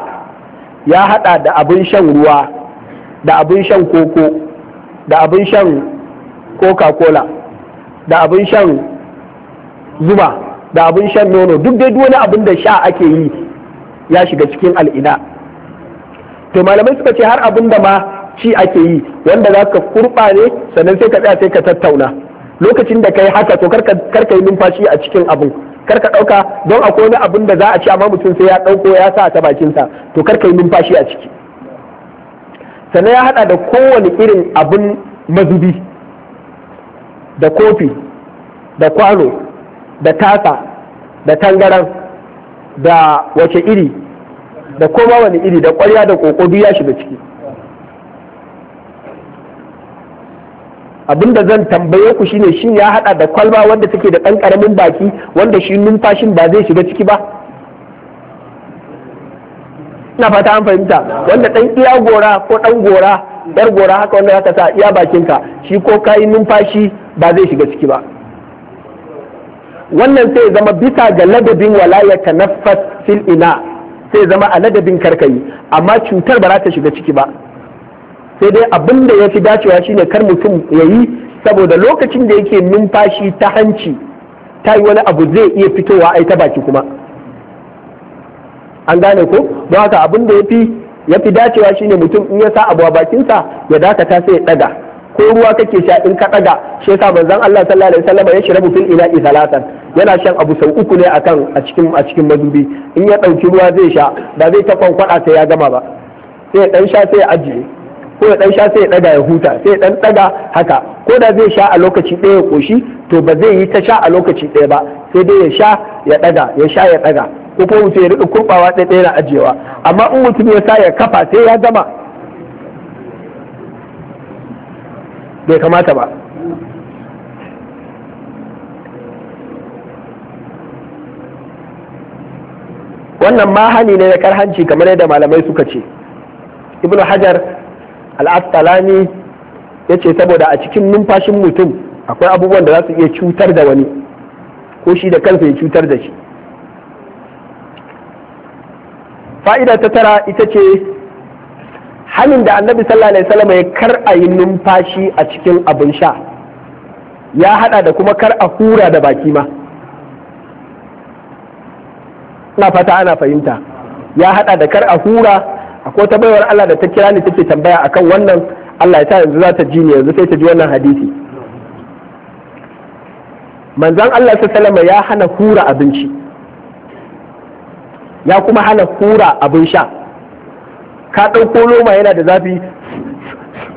ya hada da abin shan ruwa da abin shan koko da abin shan coca cola da abin shan zuma da abin shan nono duk dai wani abin da sha ake yi ya shiga cikin al'ina to malamai suka ce har abin da ma ci ake yi wanda za ka kurɓa ne sannan sai ka tsaya sai ka tattauna lokacin da ka yi haka to karka yi numfashi a cikin abin karka ɗauka don akwai wani abin da za a ci amma mutum sai ya ɗauko ya sa ta bakinsa to karka yi numfashi a ciki sannan ya haɗa da kowane irin abin mazubi da kofi da kwano da tasa da tangaran da wace iri da koma wani iri da ƙwarya da koko duk ya shiga ciki abinda zan tambaye ku shine shin ya hada da kwalba wanda take da ɗan ƙaramin baki wanda shi numfashin ba zai shiga ciki ba ina fata an fahimta wanda ɗan iya gora ko ɗan gora yar gora haka wanda zaka sa iya bakinka shi ko kai numfashi ba zai shiga ciki ba wannan sai zama bisa ga ladabin walaya ta nafas fil ina sai zama a ladabin karkayi amma cutar ba za ta shiga ciki ba sai dai abin da ya fi dacewa shine kar mutum ya yi saboda lokacin da yake numfashi ta hanci ta yi wani abu zai iya fitowa ai ta baki kuma an gane ko don haka abin da ya fi ya fi dacewa shine mutum in ya sa abu a bakinsa ya dakata sai ya daga ko ruwa kake sha in ka ɗaga? shi yasa manzon Allah sallallahu alaihi wasallam ya shirabu fil ila'i salatan yana shan abu sau uku ne akan a cikin a cikin mazubi in ya ɗauki ruwa zai sha ba zai ta kwankwada sai ya gama ba sai ya ɗan sha sai ya ajiye ko ya ɗan sha sai ya ɗaga ya huta sai ya ɗan ɗaga haka ko da zai sha a lokaci ɗaya ya ƙoshi to ba zai yi ta sha a lokaci ɗaya ba sai dai ya sha ya ɗaga ya sha ya ɗaga ko kuma mutum ya riƙa kurɓawa ɗaya ɗaya na ajiyewa amma in mutum ya sa ya kafa sai ya gama bai kamata ba wannan ma hani ne na karhanci kamar yadda malamai suka ce ibn hajar al ya ce saboda a cikin numfashin mutum akwai abubuwan da za su iya cutar da wani ko shi da kansa ya cutar da shi fa'ida ta tara ita ce hannun da annabi sallallahu alaihi ya kar a yi numfashi a cikin abin sha ya hada da kuma kar a hura da baki ma ina fata ana fahimta ya hada da kar a hura akwai ta baiwar Allah da ta kira ni take tambaya akan wannan Allah ya ta yanzu za ta ji ne yanzu sai ta ji wannan hadisi manzon Allah sallama ya hana hura abinci ya kuma hana hura abin sha ka ɗauko loma yana da zafi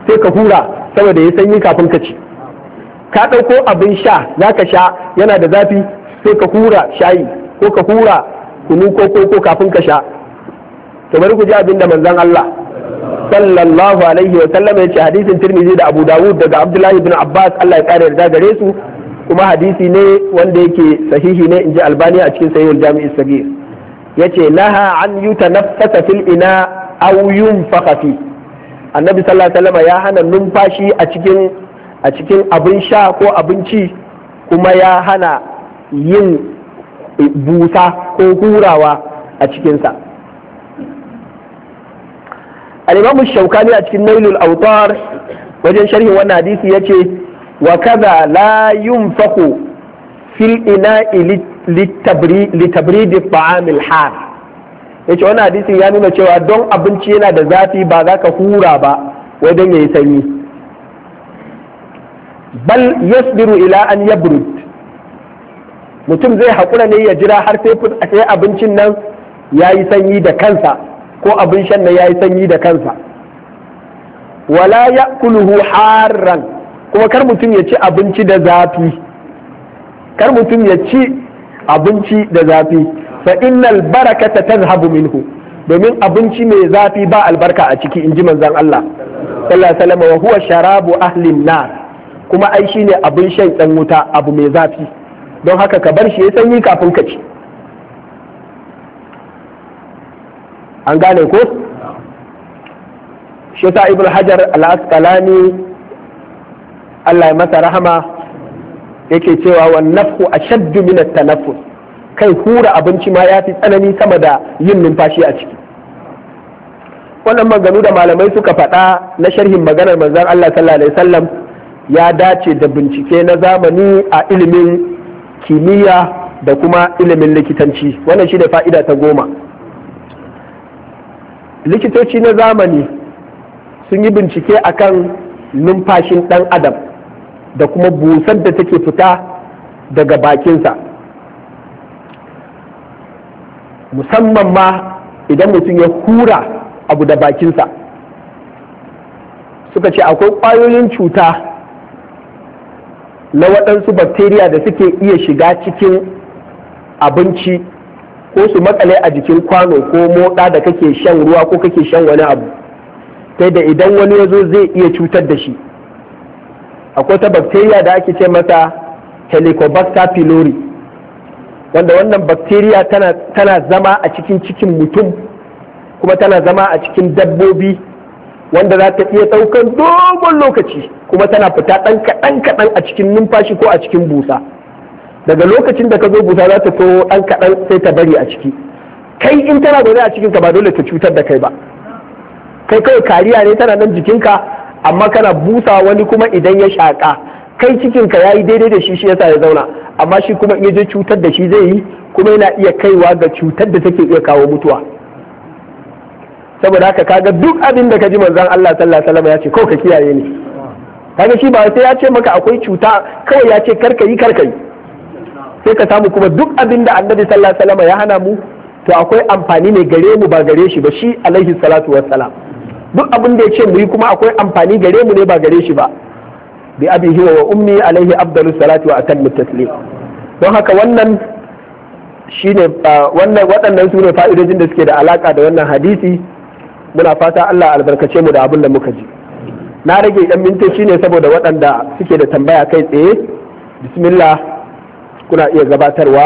sai ka hura saboda ya sanyi kafin ka ci ka ɗauko abin sha za ka sha yana da zafi sai ka hura shayi ko ka hura kunu ko koko kafin ka sha to bari ku ji abin da manzon Allah sallallahu alaihi wa sallam yace hadisin Tirmidhi da Abu Dawud daga Abdullahi ibn Abbas Allah ya kare yarda gare su kuma hadisi ne wanda yake sahihi ne inji Albani a cikin Sahih al-Jami' as-Saghir yace naha an yutanaffasa fil ina aw yunfakha fi Annabi sallallahu alaihi sallam ya hana numfashi a cikin a cikin abin sha ko abinci kuma ya hana yin busa ko hurawa a cikinsa al-imamu shaukani a cikin nailul autar wajen sharhin wannan hadisi ya ce wa kaza la yunfaku fil ina'i litabridi ta'amil har yace wannan hadisin ya nuna cewa don abinci yana da zafi ba za ka hura ba wajen ya yi sanyi bal yasbiru ila an yabrud mutum zai haƙura ne ya jira har sai abincin nan ya yi sanyi da kansa ko abin shan nan ya yi sanyi da kansa wala ya kuluhu harran kuma kar mutum ya ci abinci da zafi kar mutum ya ci abinci da zafi fa innal barakata tazhabu minhu domin abinci mai zafi ba albarka a ciki in ji manzon Allah sallallahu alaihi wasallam wa sharabu ahlin na, kuma ai shine abin shan dan wuta abu mai zafi don haka ka bar shi ya sanyi kafin ka ci an gane ko shi sa ibn hajar al-asqalani Allah ya masa rahama yake cewa wa nafhu shaddu min at-tanaffus kai hura abinci ma ya fi tsanani sama da yin numfashi a ciki wannan maganu da malamai suka faɗa na sharhin maganar manzon Allah sallallahu alaihi wasallam ya dace da bincike na zamani a ilimin kimiyya da kuma ilimin likitanci wannan shi da fa'ida ta goma likitoci na zamani sun yi bincike akan numfashin ɗan adam da kuma busar da take fita daga bakinsa musamman ma idan mutum ya hura abu da bakinsa suka ce akwai ƙwayoyin cuta na waɗansu bakteriya da suke iya shiga cikin abinci ko su makale a jikin kwano ko moɗa da kake shan ruwa ko kake shan wani abu sai da idan wani ya zo zai iya cutar da shi akwai ta bakteriya da ake ce mata helicobacter pylori wanda wannan bakteriya tana, tana zama a cikin cikin mutum kuma tana zama a cikin dabbobi wanda za ta iya ɗaukan dogon lokaci kuma tana fita ɗan kaɗan kaɗan a cikin numfashi ko a cikin busa daga lokacin da ka zo busa za ta ɗan kaɗan sai ta bari a ciki kai in tana zaune a cikinka ba dole ta cutar da kai ba kai kawai kariya ne tana nan jikinka amma kana busa wani kuma idan ya shaƙa kai cikinka ya yi daidai da shi shi yasa ya zauna amma shi kuma iya je cutar da shi zai yi kuma yana iya kaiwa ga cutar da take iya kawo mutuwa saboda haka kaga duk abin da ka ji manzon Allah sallallahu alaihi wasallam ya ce ko ka kiyaye ni kaga shi ba sai ya ce maka akwai cuta kawai ya ce karkayi karkayi sai ka samu kuma duk abin da annabi sallallahu alaihi wasallam ya hana mu to akwai amfani ne gare mu ba gare shi ba shi alaihi salatu wassalam duk abin da ya ce mu yi kuma akwai amfani gare mu ne ba gare shi ba bi abihi wa ummi alaihi afdalu salatu wa atammu taslim don haka wannan shine wannan waɗannan su ne fa'idojin da suke da alaka da wannan hadisi muna fata Allah albarkace mu da abin da muka ji na rage dan mintoci ne saboda waɗanda suke da tambaya kai tsaye bismillah kuna iya gabatarwa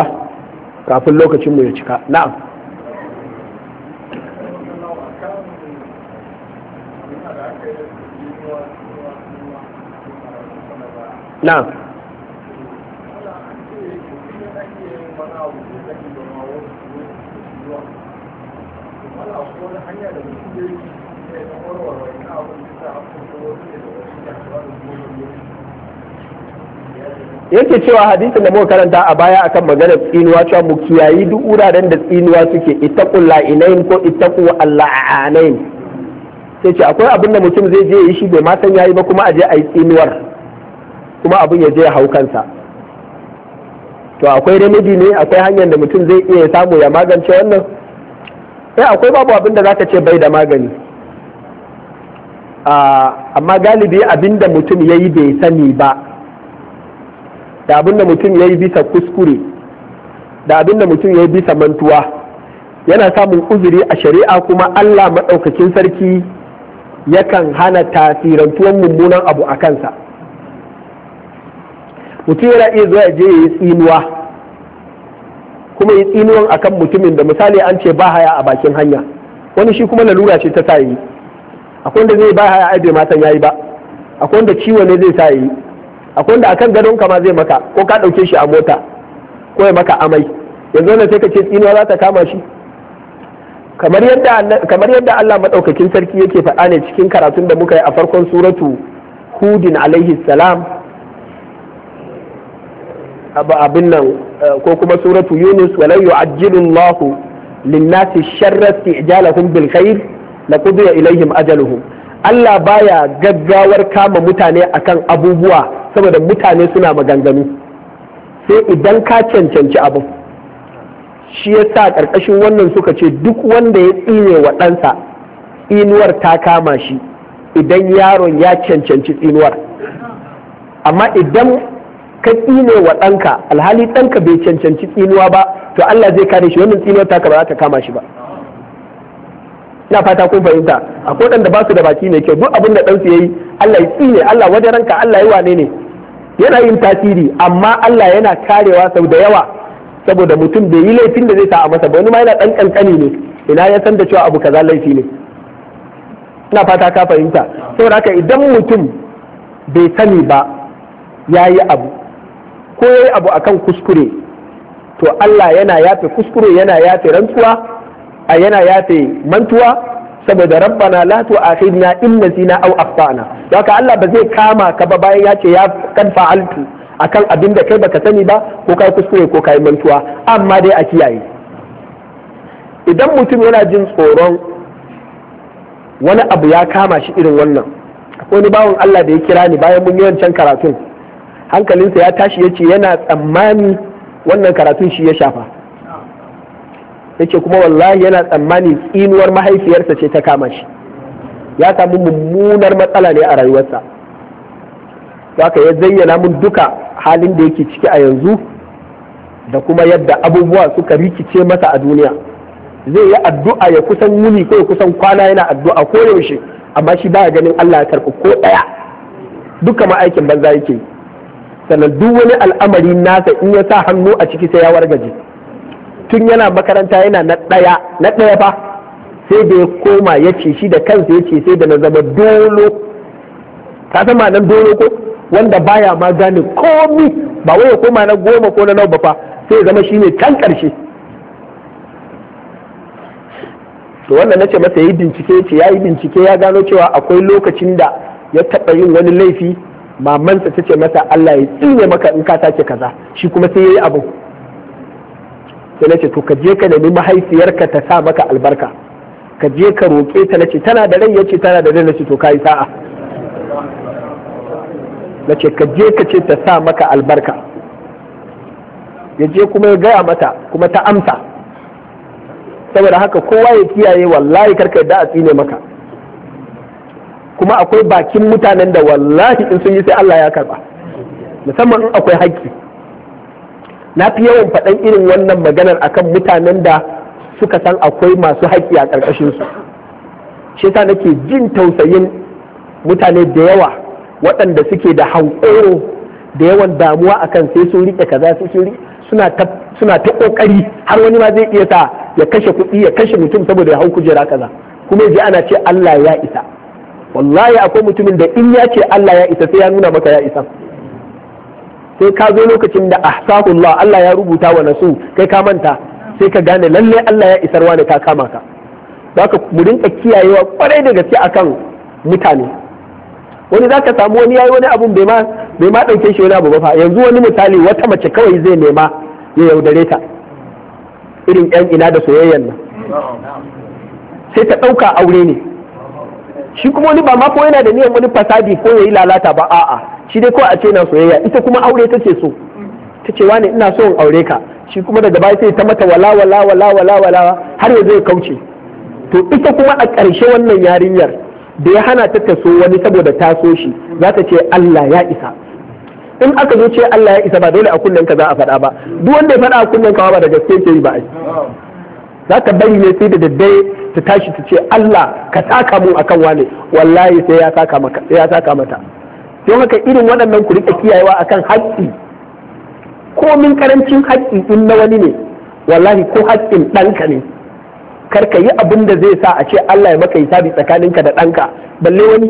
kafin lokacin mu ya cika Na. na'am yake cewa hadisin da muka karanta a baya akan maganar tsinuwa cewa mu kiyayi duk wuraren da tsinuwa suke ittaqul la'inain ko ittaqu alla'anain sai ce akwai abin da mutum zai je yi shi bai ma san yayi ba kuma a je a yi tsinuwar kuma abin ya je ya hau kansa to akwai remedy ne akwai hanyar da mutum zai iya samu ya magance wannan eh akwai babu abin da zaka ce bai da magani ah, amma galibi abin da mutum yayi bai sani ba da abin da mutum ya yi bisa kuskure da abin da mutum ya yi bisa mantuwa yana samun uzuri a shari'a kuma allah maɗaukakin sarki yakan hana tasirantuwan mummunan abu a kansa mutum yana iya zuwa je ya yi tsinuwa kuma yi tsinuwan akan mutumin da misali an ce ba haya a bakin hanya wani shi kuma lalura ce ta sa yi akwai wanda zai ba haya ai bai matan yayi ba akwai wanda ciwo ne zai sa yi akwai wanda akan gadon ka ma zai maka ko ka ɗauke shi a mota ko ya maka amai yanzu wanda sai ka ce tsinuwa za ta kama shi kamar yadda Allah madaukakin sarki yake faɗa ne cikin karatun da muka yi a farkon suratu hudin alaihi salam abin nan eh, ko kuma suratu yunus walau yu'ajjilullahu lin-nasi sharra isti'jalahum bil khair ilaihim ajaluhum Allah baya gaggawar kama mutane akan abubuwa saboda mutane suna maganganu sai idan ka cancanci abu shi ya sa ƙarƙashin wannan suka ce duk wanda ya tsine wa ɗansa inuwar ta kama shi idan yaron ya cancanci tsinuwar amma idan ka tsine wa ɗanka alhali ɗanka bai cancanci tsinuwa ba to Allah zai kare shi wannan tsinuwar ta ba za ta kama shi ba ina fata kun fahimta akwai da ba su da baki ne kyau duk abin da ɗansu ya yi Allah ya tsine Allah wajen ranka Allah ya wane ne yana yin tasiri amma Allah yana karewa sau da yawa saboda mutum bai yi laifin da zai sa a masa ba wani ma yana dan kankani ne ina ya san da cewa abu kaza laifi ne ina fata ka fahimta saboda haka idan mutum bai sani ba ya yi abu ko yayi abu akan kuskure to Allah yana yafe kuskure yana yafe rantsuwa a yana yafe mantuwa saboda rabbana la tu'akhidna in nasina aw akhtana haka Allah ba zai kama ka ba bayan ya ce ya kan fa'altu akan abin da kai baka sani ba ko kai kuskure ko kai mantuwa amma dai a kiyaye idan mutum yana jin tsoron wani abu ya kama shi irin wannan wani bawan Allah da ya kira ni bayan mun yi wancan karatun hankalinsa ya tashi ya ce yana tsammani wannan karatun shi ya shafa yake kuma wallahi yana tsammani tsinuwar mahaifiyarsa ce ta kama shi ya samu mummunar matsala ne a rayuwarsa haka ya zayyana mun duka halin da yake ciki a yanzu da kuma yadda abubuwa suka rikice masa a duniya zai yi addu'a ya kusan muni ko kusan kwana yana addu'a ko yaushe amma shi baya ganin Allah ya karɓi ko ɗaya duka ma'aikin banza yake sannan duk wani al'amari nasa in ya sa hannu a ciki sai ya wargaje. tun yana makaranta yana na ɗaya na ɗaya fa sai da ya koma ya ce shi da kansa ya ce sai da na zama dolo ka zama nan dolo ko wanda baya ma gane komi ba wai ya koma na goma ko na nauba fa sai ya zama shi ne can ƙarshe to wannan nace masa yayi bincike ce yayi bincike ya gano cewa akwai lokacin da ya taɓa yin wani laifi mamansa ta ce masa Allah ya tsine maka in ka sake kaza shi kuma sai yayi abu sai na ce to ka je ka nemi mahaifiyarka ta sa maka albarka ka je ka roƙe ta na ce tana da rai ya ce tana da rai na ce to kai sa'a na ce ka je ka ce ta sa maka albarka ya je kuma ya gaya mata kuma ta amsa saboda haka kowa ya kiyaye wallahi karka yadda a tsine maka kuma akwai bakin mutanen da wallahi in sun yi sai Allah ya karba musamman in akwai haƙƙi na fi yawan faɗan irin wannan maganar akan mutanen da suka san akwai masu haƙƙi a ƙarƙashinsu shi ta nake jin tausayin mutane da yawa waɗanda suke da hankoro da yawan damuwa akan sai sun riƙe kaza sai sun riƙe suna ta ƙoƙari har wani ma zai iya sa ya kashe kuɗi ya kashe mutum saboda ya hau kujera kaza kuma ya ana ce Allah ya isa wallahi akwai mutumin da in ya ce Allah ya isa sai ya nuna maka ya isa sai ka zo lokacin da a ahsahullah Allah ya rubuta wa nasu kai ka manta sai ka gane lalle Allah ya isarwa ne ka kama ka ka mu rinka kiyayewa kwarai da gaske akan mutane wani za ka samu wani yayi wani abun bai ma bai shi wani abu ba fa yanzu wani misali wata mace kawai zai nema ya yaudare ta irin yan ina da soyayyan nan sai ta ɗauka aure ne shi kuma wani ba ma ko yana da niyyar wani fasadi ko yayi lalata ba a'a shi dai ko a ce na soyayya ita kuma aure ce so ta ce wani ina so in aure ka shi kuma daga baya sai ta mata wala wala wala wala wala har yanzu ya kauce to ita kuma a ƙarshe wannan yarinyar da ya hana ta taso wani saboda ta so shi za ta ce Allah ya isa in aka zo ce Allah ya isa ba dole a kunnen ka za a faɗa ba duk wanda ya faɗa a kunnen ka ba da gaske ke yi ba ai za ka bari ne sai da daddare ta tashi ta ce Allah ka saka mu akan wane wallahi sai ya saka mata don haka irin waɗannan ku rika kiyayewa akan haƙƙi Ko min karancin haƙƙi in na wani ne wallahi ko haƙƙin ɗanka ne kar ka yi abin da zai sa a ce Allah ya maka hisabi tsakaninka da ɗanka balle wani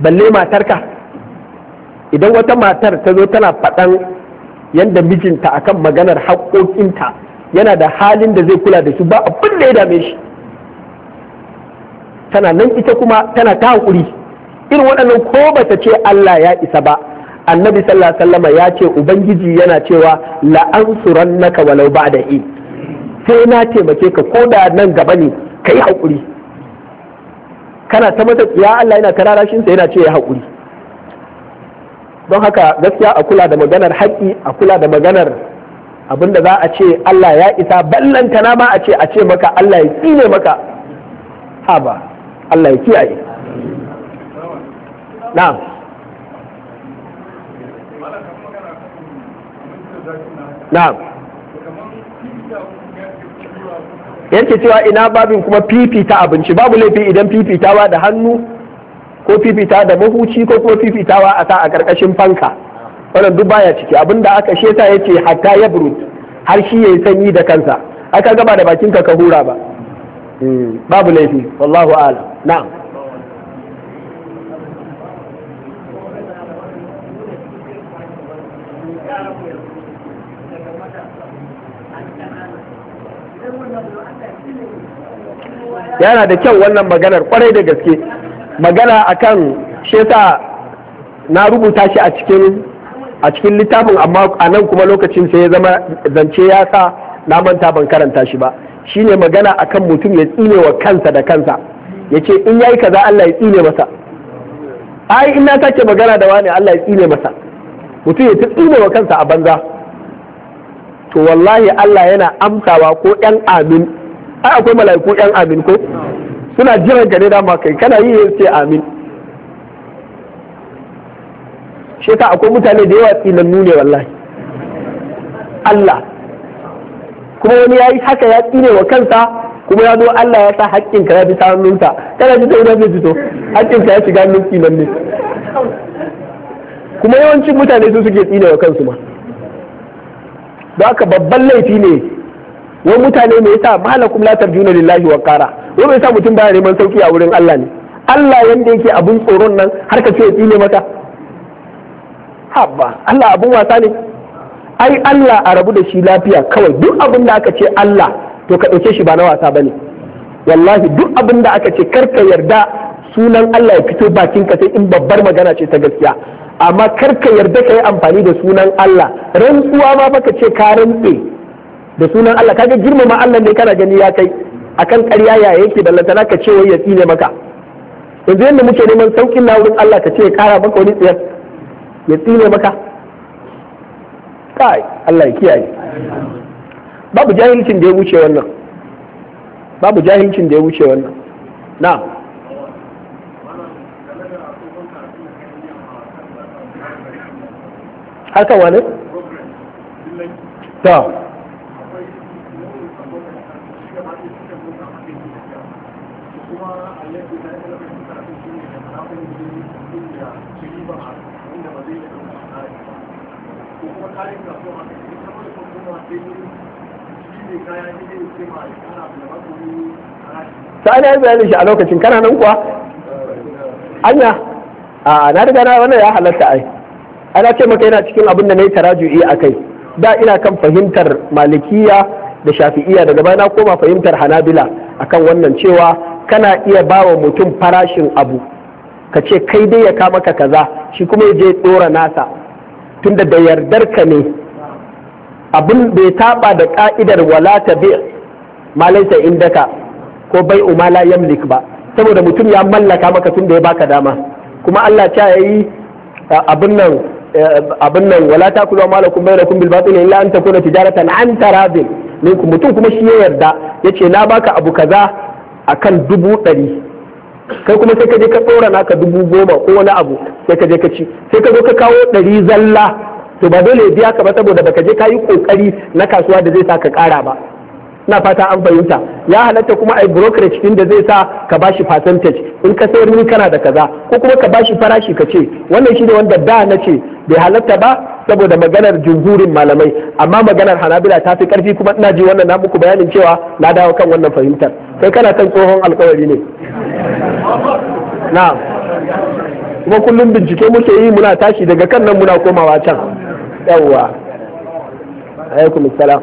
balle matarka idan wata matar ta zo tana faɗan yadda mijinta akan maganar haƙoƙinta yana da halin da zai kula da su ba abin da ya dame shi tana nan ita kuma tana ta haƙuri irin waɗannan ko ba ta ce Allah ya isa ba annabi sallallahu alaihi wasallam ya ce ubangiji yana cewa la ansurannaka walau ba'da in sai na taimake ka ko da nan gaba ne ka yi haƙuri kana ta mata ya Allah yana ta shin yana ce ya haƙuri don haka gaskiya a kula da maganar haƙƙi a kula da maganar abinda za a ce Allah ya isa na ma a ce a ce maka Allah ya tsine maka ha ba Allah ya kiyaye na'am na'am yanke cewa ina babin kuma fifita abinci babu laifi idan fifitawa da hannu ko fifita da mahuci ko kuma fifitawa a ta a ƙarƙashin fanka wannan duk baya ciki abinda aka sheta ya ce hatta ya burut har shi ya yi sanyi da kansa aka gaba da bakinka ka hura ba hmm, babu laifi wallahu a'lam na'am yana da kyau wannan maganar kwarai da gaske magana akan sheta na rubuta shi a cikin littafin amma a nan kuma lokacin sai ya zama zance ya sa na manta ban karanta shi ba shine magana akan mutum ya tsine wa kansa da kansa ya ce in yayi kaza Allah ya tsine masa ai in na sake magana da wani Allah ya tsine masa mutum ya tsine wa kansa a banza to wallahi Allah yana amsawa ko ɗan amin ai akwai mala'iku yan amin ko suna jiran ka ne dama kai kana yi ya amin shi ta akwai mutane da yawa tsinan nune wallahi Allah kuma wani ya yi haka ya tsine wa kansa kuma ya zo Allah ya sa haƙƙin ka ya fi hannunka kana ji sai zai fito haƙƙin ka ya shiga nan tsinan ne kuma yawancin mutane su suke tsine wa kansu ma da haka babban laifi ne wai mutane me yasa malakum la tarjuna lillahi wa qara wai me yasa mutum baya neman sauki a wurin Allah ne Allah yanda yake abun tsoron nan har ka ce ya tsine mata habba Allah abun wasa ne ai Allah a rabu da shi lafiya kawai duk abin da aka ce Allah to ka dauke shi ba na wasa bane wallahi duk abin da aka ce karka yarda sunan Allah ya fito bakin ka sai in babbar magana ce ta gaskiya amma kar ka yarda ka yi amfani da sunan Allah rantsuwa ma baka ce ka rantse da sunan Allah kaga girmama Allah ne kana gani ya kai akan ƙarya ya yake lantana ka ce wai ya tsine maka yanzu yadda muke neman saukin na wurin Allah ka ce ya kara maka wani tsiyar ya tsine maka kai Allah ya kiyaye babu jahilcin da ya wuce wannan babu jahilcin da ya wuce wannan na'am harkar wani? ta sani ya bayanin shi a lokacin kana nan kuwa anya a na riga na wannan ya halatta ai na ce maka yana cikin abin da na yi taraju'i a kai da ina kan fahimtar malikiya da shafi'iya daga baya na koma fahimtar hanabila akan wannan cewa kana iya ba wa mutum farashin abu ka ce kai dai ya kama ka kaza shi kuma ya je dora nasa tunda da yardar ka ne abin bai taɓa da ka'idar walata ta bi malaita indaka ko bai umala yamlik ba saboda mutum ya mallaka maka tun da ya baka dama kuma Allah ta yayi abin nan eh, abin nan wala kun amalakum bainakum bil batil illa an takuna tijaratan an taradin minkum mutum kuma shi ya yarda yace na baka abu kaza akan dubu ɗari kai kuma sai ka je ka tsora naka dubu goma ko wani abu sai ka je ka ci sai ka zo ka kawo ɗari zalla to ba dole ya biya ka ba saboda baka je ka yi ƙoƙari na kasuwa da zai sa ka ƙara ba na fata an fahimta ya halatta kuma ai brokerage din da zai sa ka bashi percentage in ka sayar ni kana da kaza ko kuma ka bashi farashi ka ce wannan shine wanda da na ce bai halatta ba saboda maganar jumhurin malamai amma maganar hanabila ta fi karfi kuma ina ji wannan na muku bayanin cewa na dawo kan wannan fahimtar sai kana kan tsohon alkawari ne na'am kuma kullum bincike muke yi muna tashi daga kan nan muna komawa can yawwa alaikum salam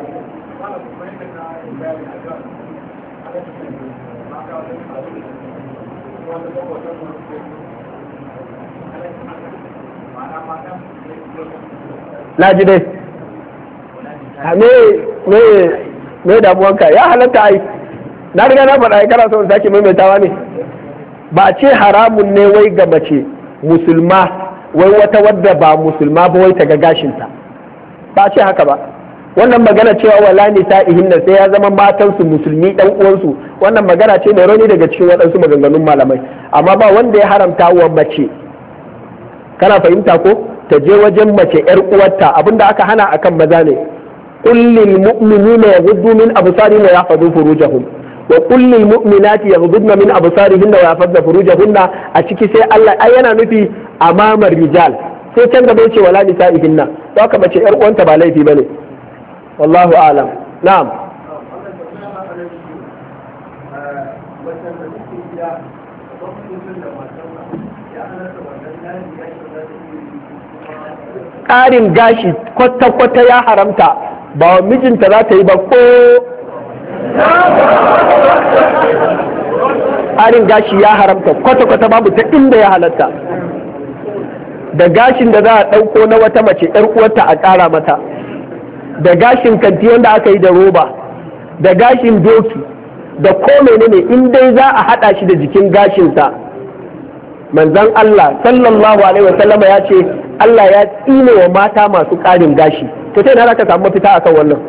na ji dai ah, me me me damuwanka ya halatta ai na riga na faɗa kana son sake maimaitawa ne ba ce haramun ne wai ga mace musulma wai wata wadda ba musulma ba wai ta ga gashinta ba ce haka ba wannan magana cewa wala nisa ihinna sai ya zama matansu musulmi dan uwansu wannan magana ce mai rauni daga cikin waɗansu maganganun malamai amma ba wanda ya haramta wa mace kana fahimta ko ta je wajen mace yar uwarta abinda aka hana akan maza ne qul lil mu'minina yaghuddu min absarihim wa yahfazu furujahum wa qul lil mu'minati yaghuddna min absarihin wa yahfazna furujahunna a ciki sai Allah ai yana nufi amamar rijal sai can gaba yace wala nisa'ihinna to haka mace yar uwanta ba laifi bane wallahu a'lam na'am ƙarin gashi kwata-kwata ya haramta ba wa mijinta za ta yi ba ko ƙarin gashi ya haramta kwata-kwata babu ta inda ya halatta da gashin da za a ɗauko na wata mace ‘yar uwarta a ƙara mata da gashin kanti wanda aka yi da roba da gashin doki da ko menene in dai za a haɗa shi da jikin gashinsa manzan Allah sallallahu alaihi wasallama ya ce Allah ya tsine wa mata masu ƙarin gashi to sai na za ka samu mafita akan wannan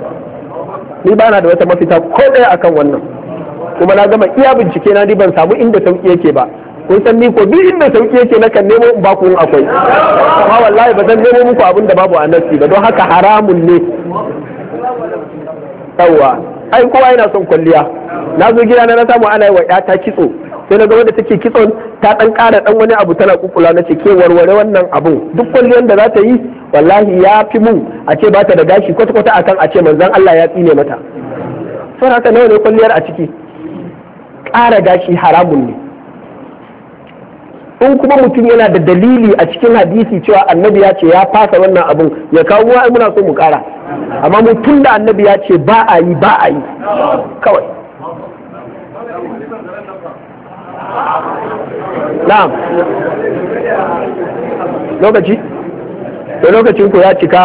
ni ba na da wata mafita ko ɗaya akan wannan kuma na gama iya bincike na ni ban samu inda sauki yake ba kun san ni ko duk inda sauki yake na kan nemo in baku in akwai amma wallahi ba zan nemo muku abin da babu a nasi ba don haka haramun ne yawwa ai kowa yana son kwalliya na zo gida na samu ana yi wa 'yata kitso sai na ga wanda take kitson ta dan kara dan wani abu tana kukula na ce ke warware wannan abun duk kwalliyar da za ta yi wallahi ya fi mun a ce ba ta da gashi kwata kwata akan a ce manzon Allah ya tsine mata sai haka nawa ne kwalliyar a ciki kara gashi haramun ne in kuma mutum yana da dalili a cikin hadisi cewa annabi ya ce ya fasa wannan abun ya kawo wa muna so mu kara amma mu da annabi ya ce ba a yi ba a yi kawai na'am lokaci da lokacin ku ya cika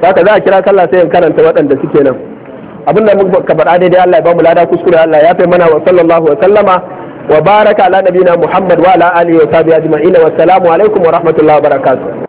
saka za a kira kalla sai in karanta waɗanda suke nan abin da muka faɗa daidai Allah ya ba mu lada kuskure Allah ya fai mana wa sallallahu wa sallama wa baraka ala nabina Muhammad wa ala alihi wa sahbihi ajma'in wa assalamu alaikum wa rahmatullahi wa barakatuh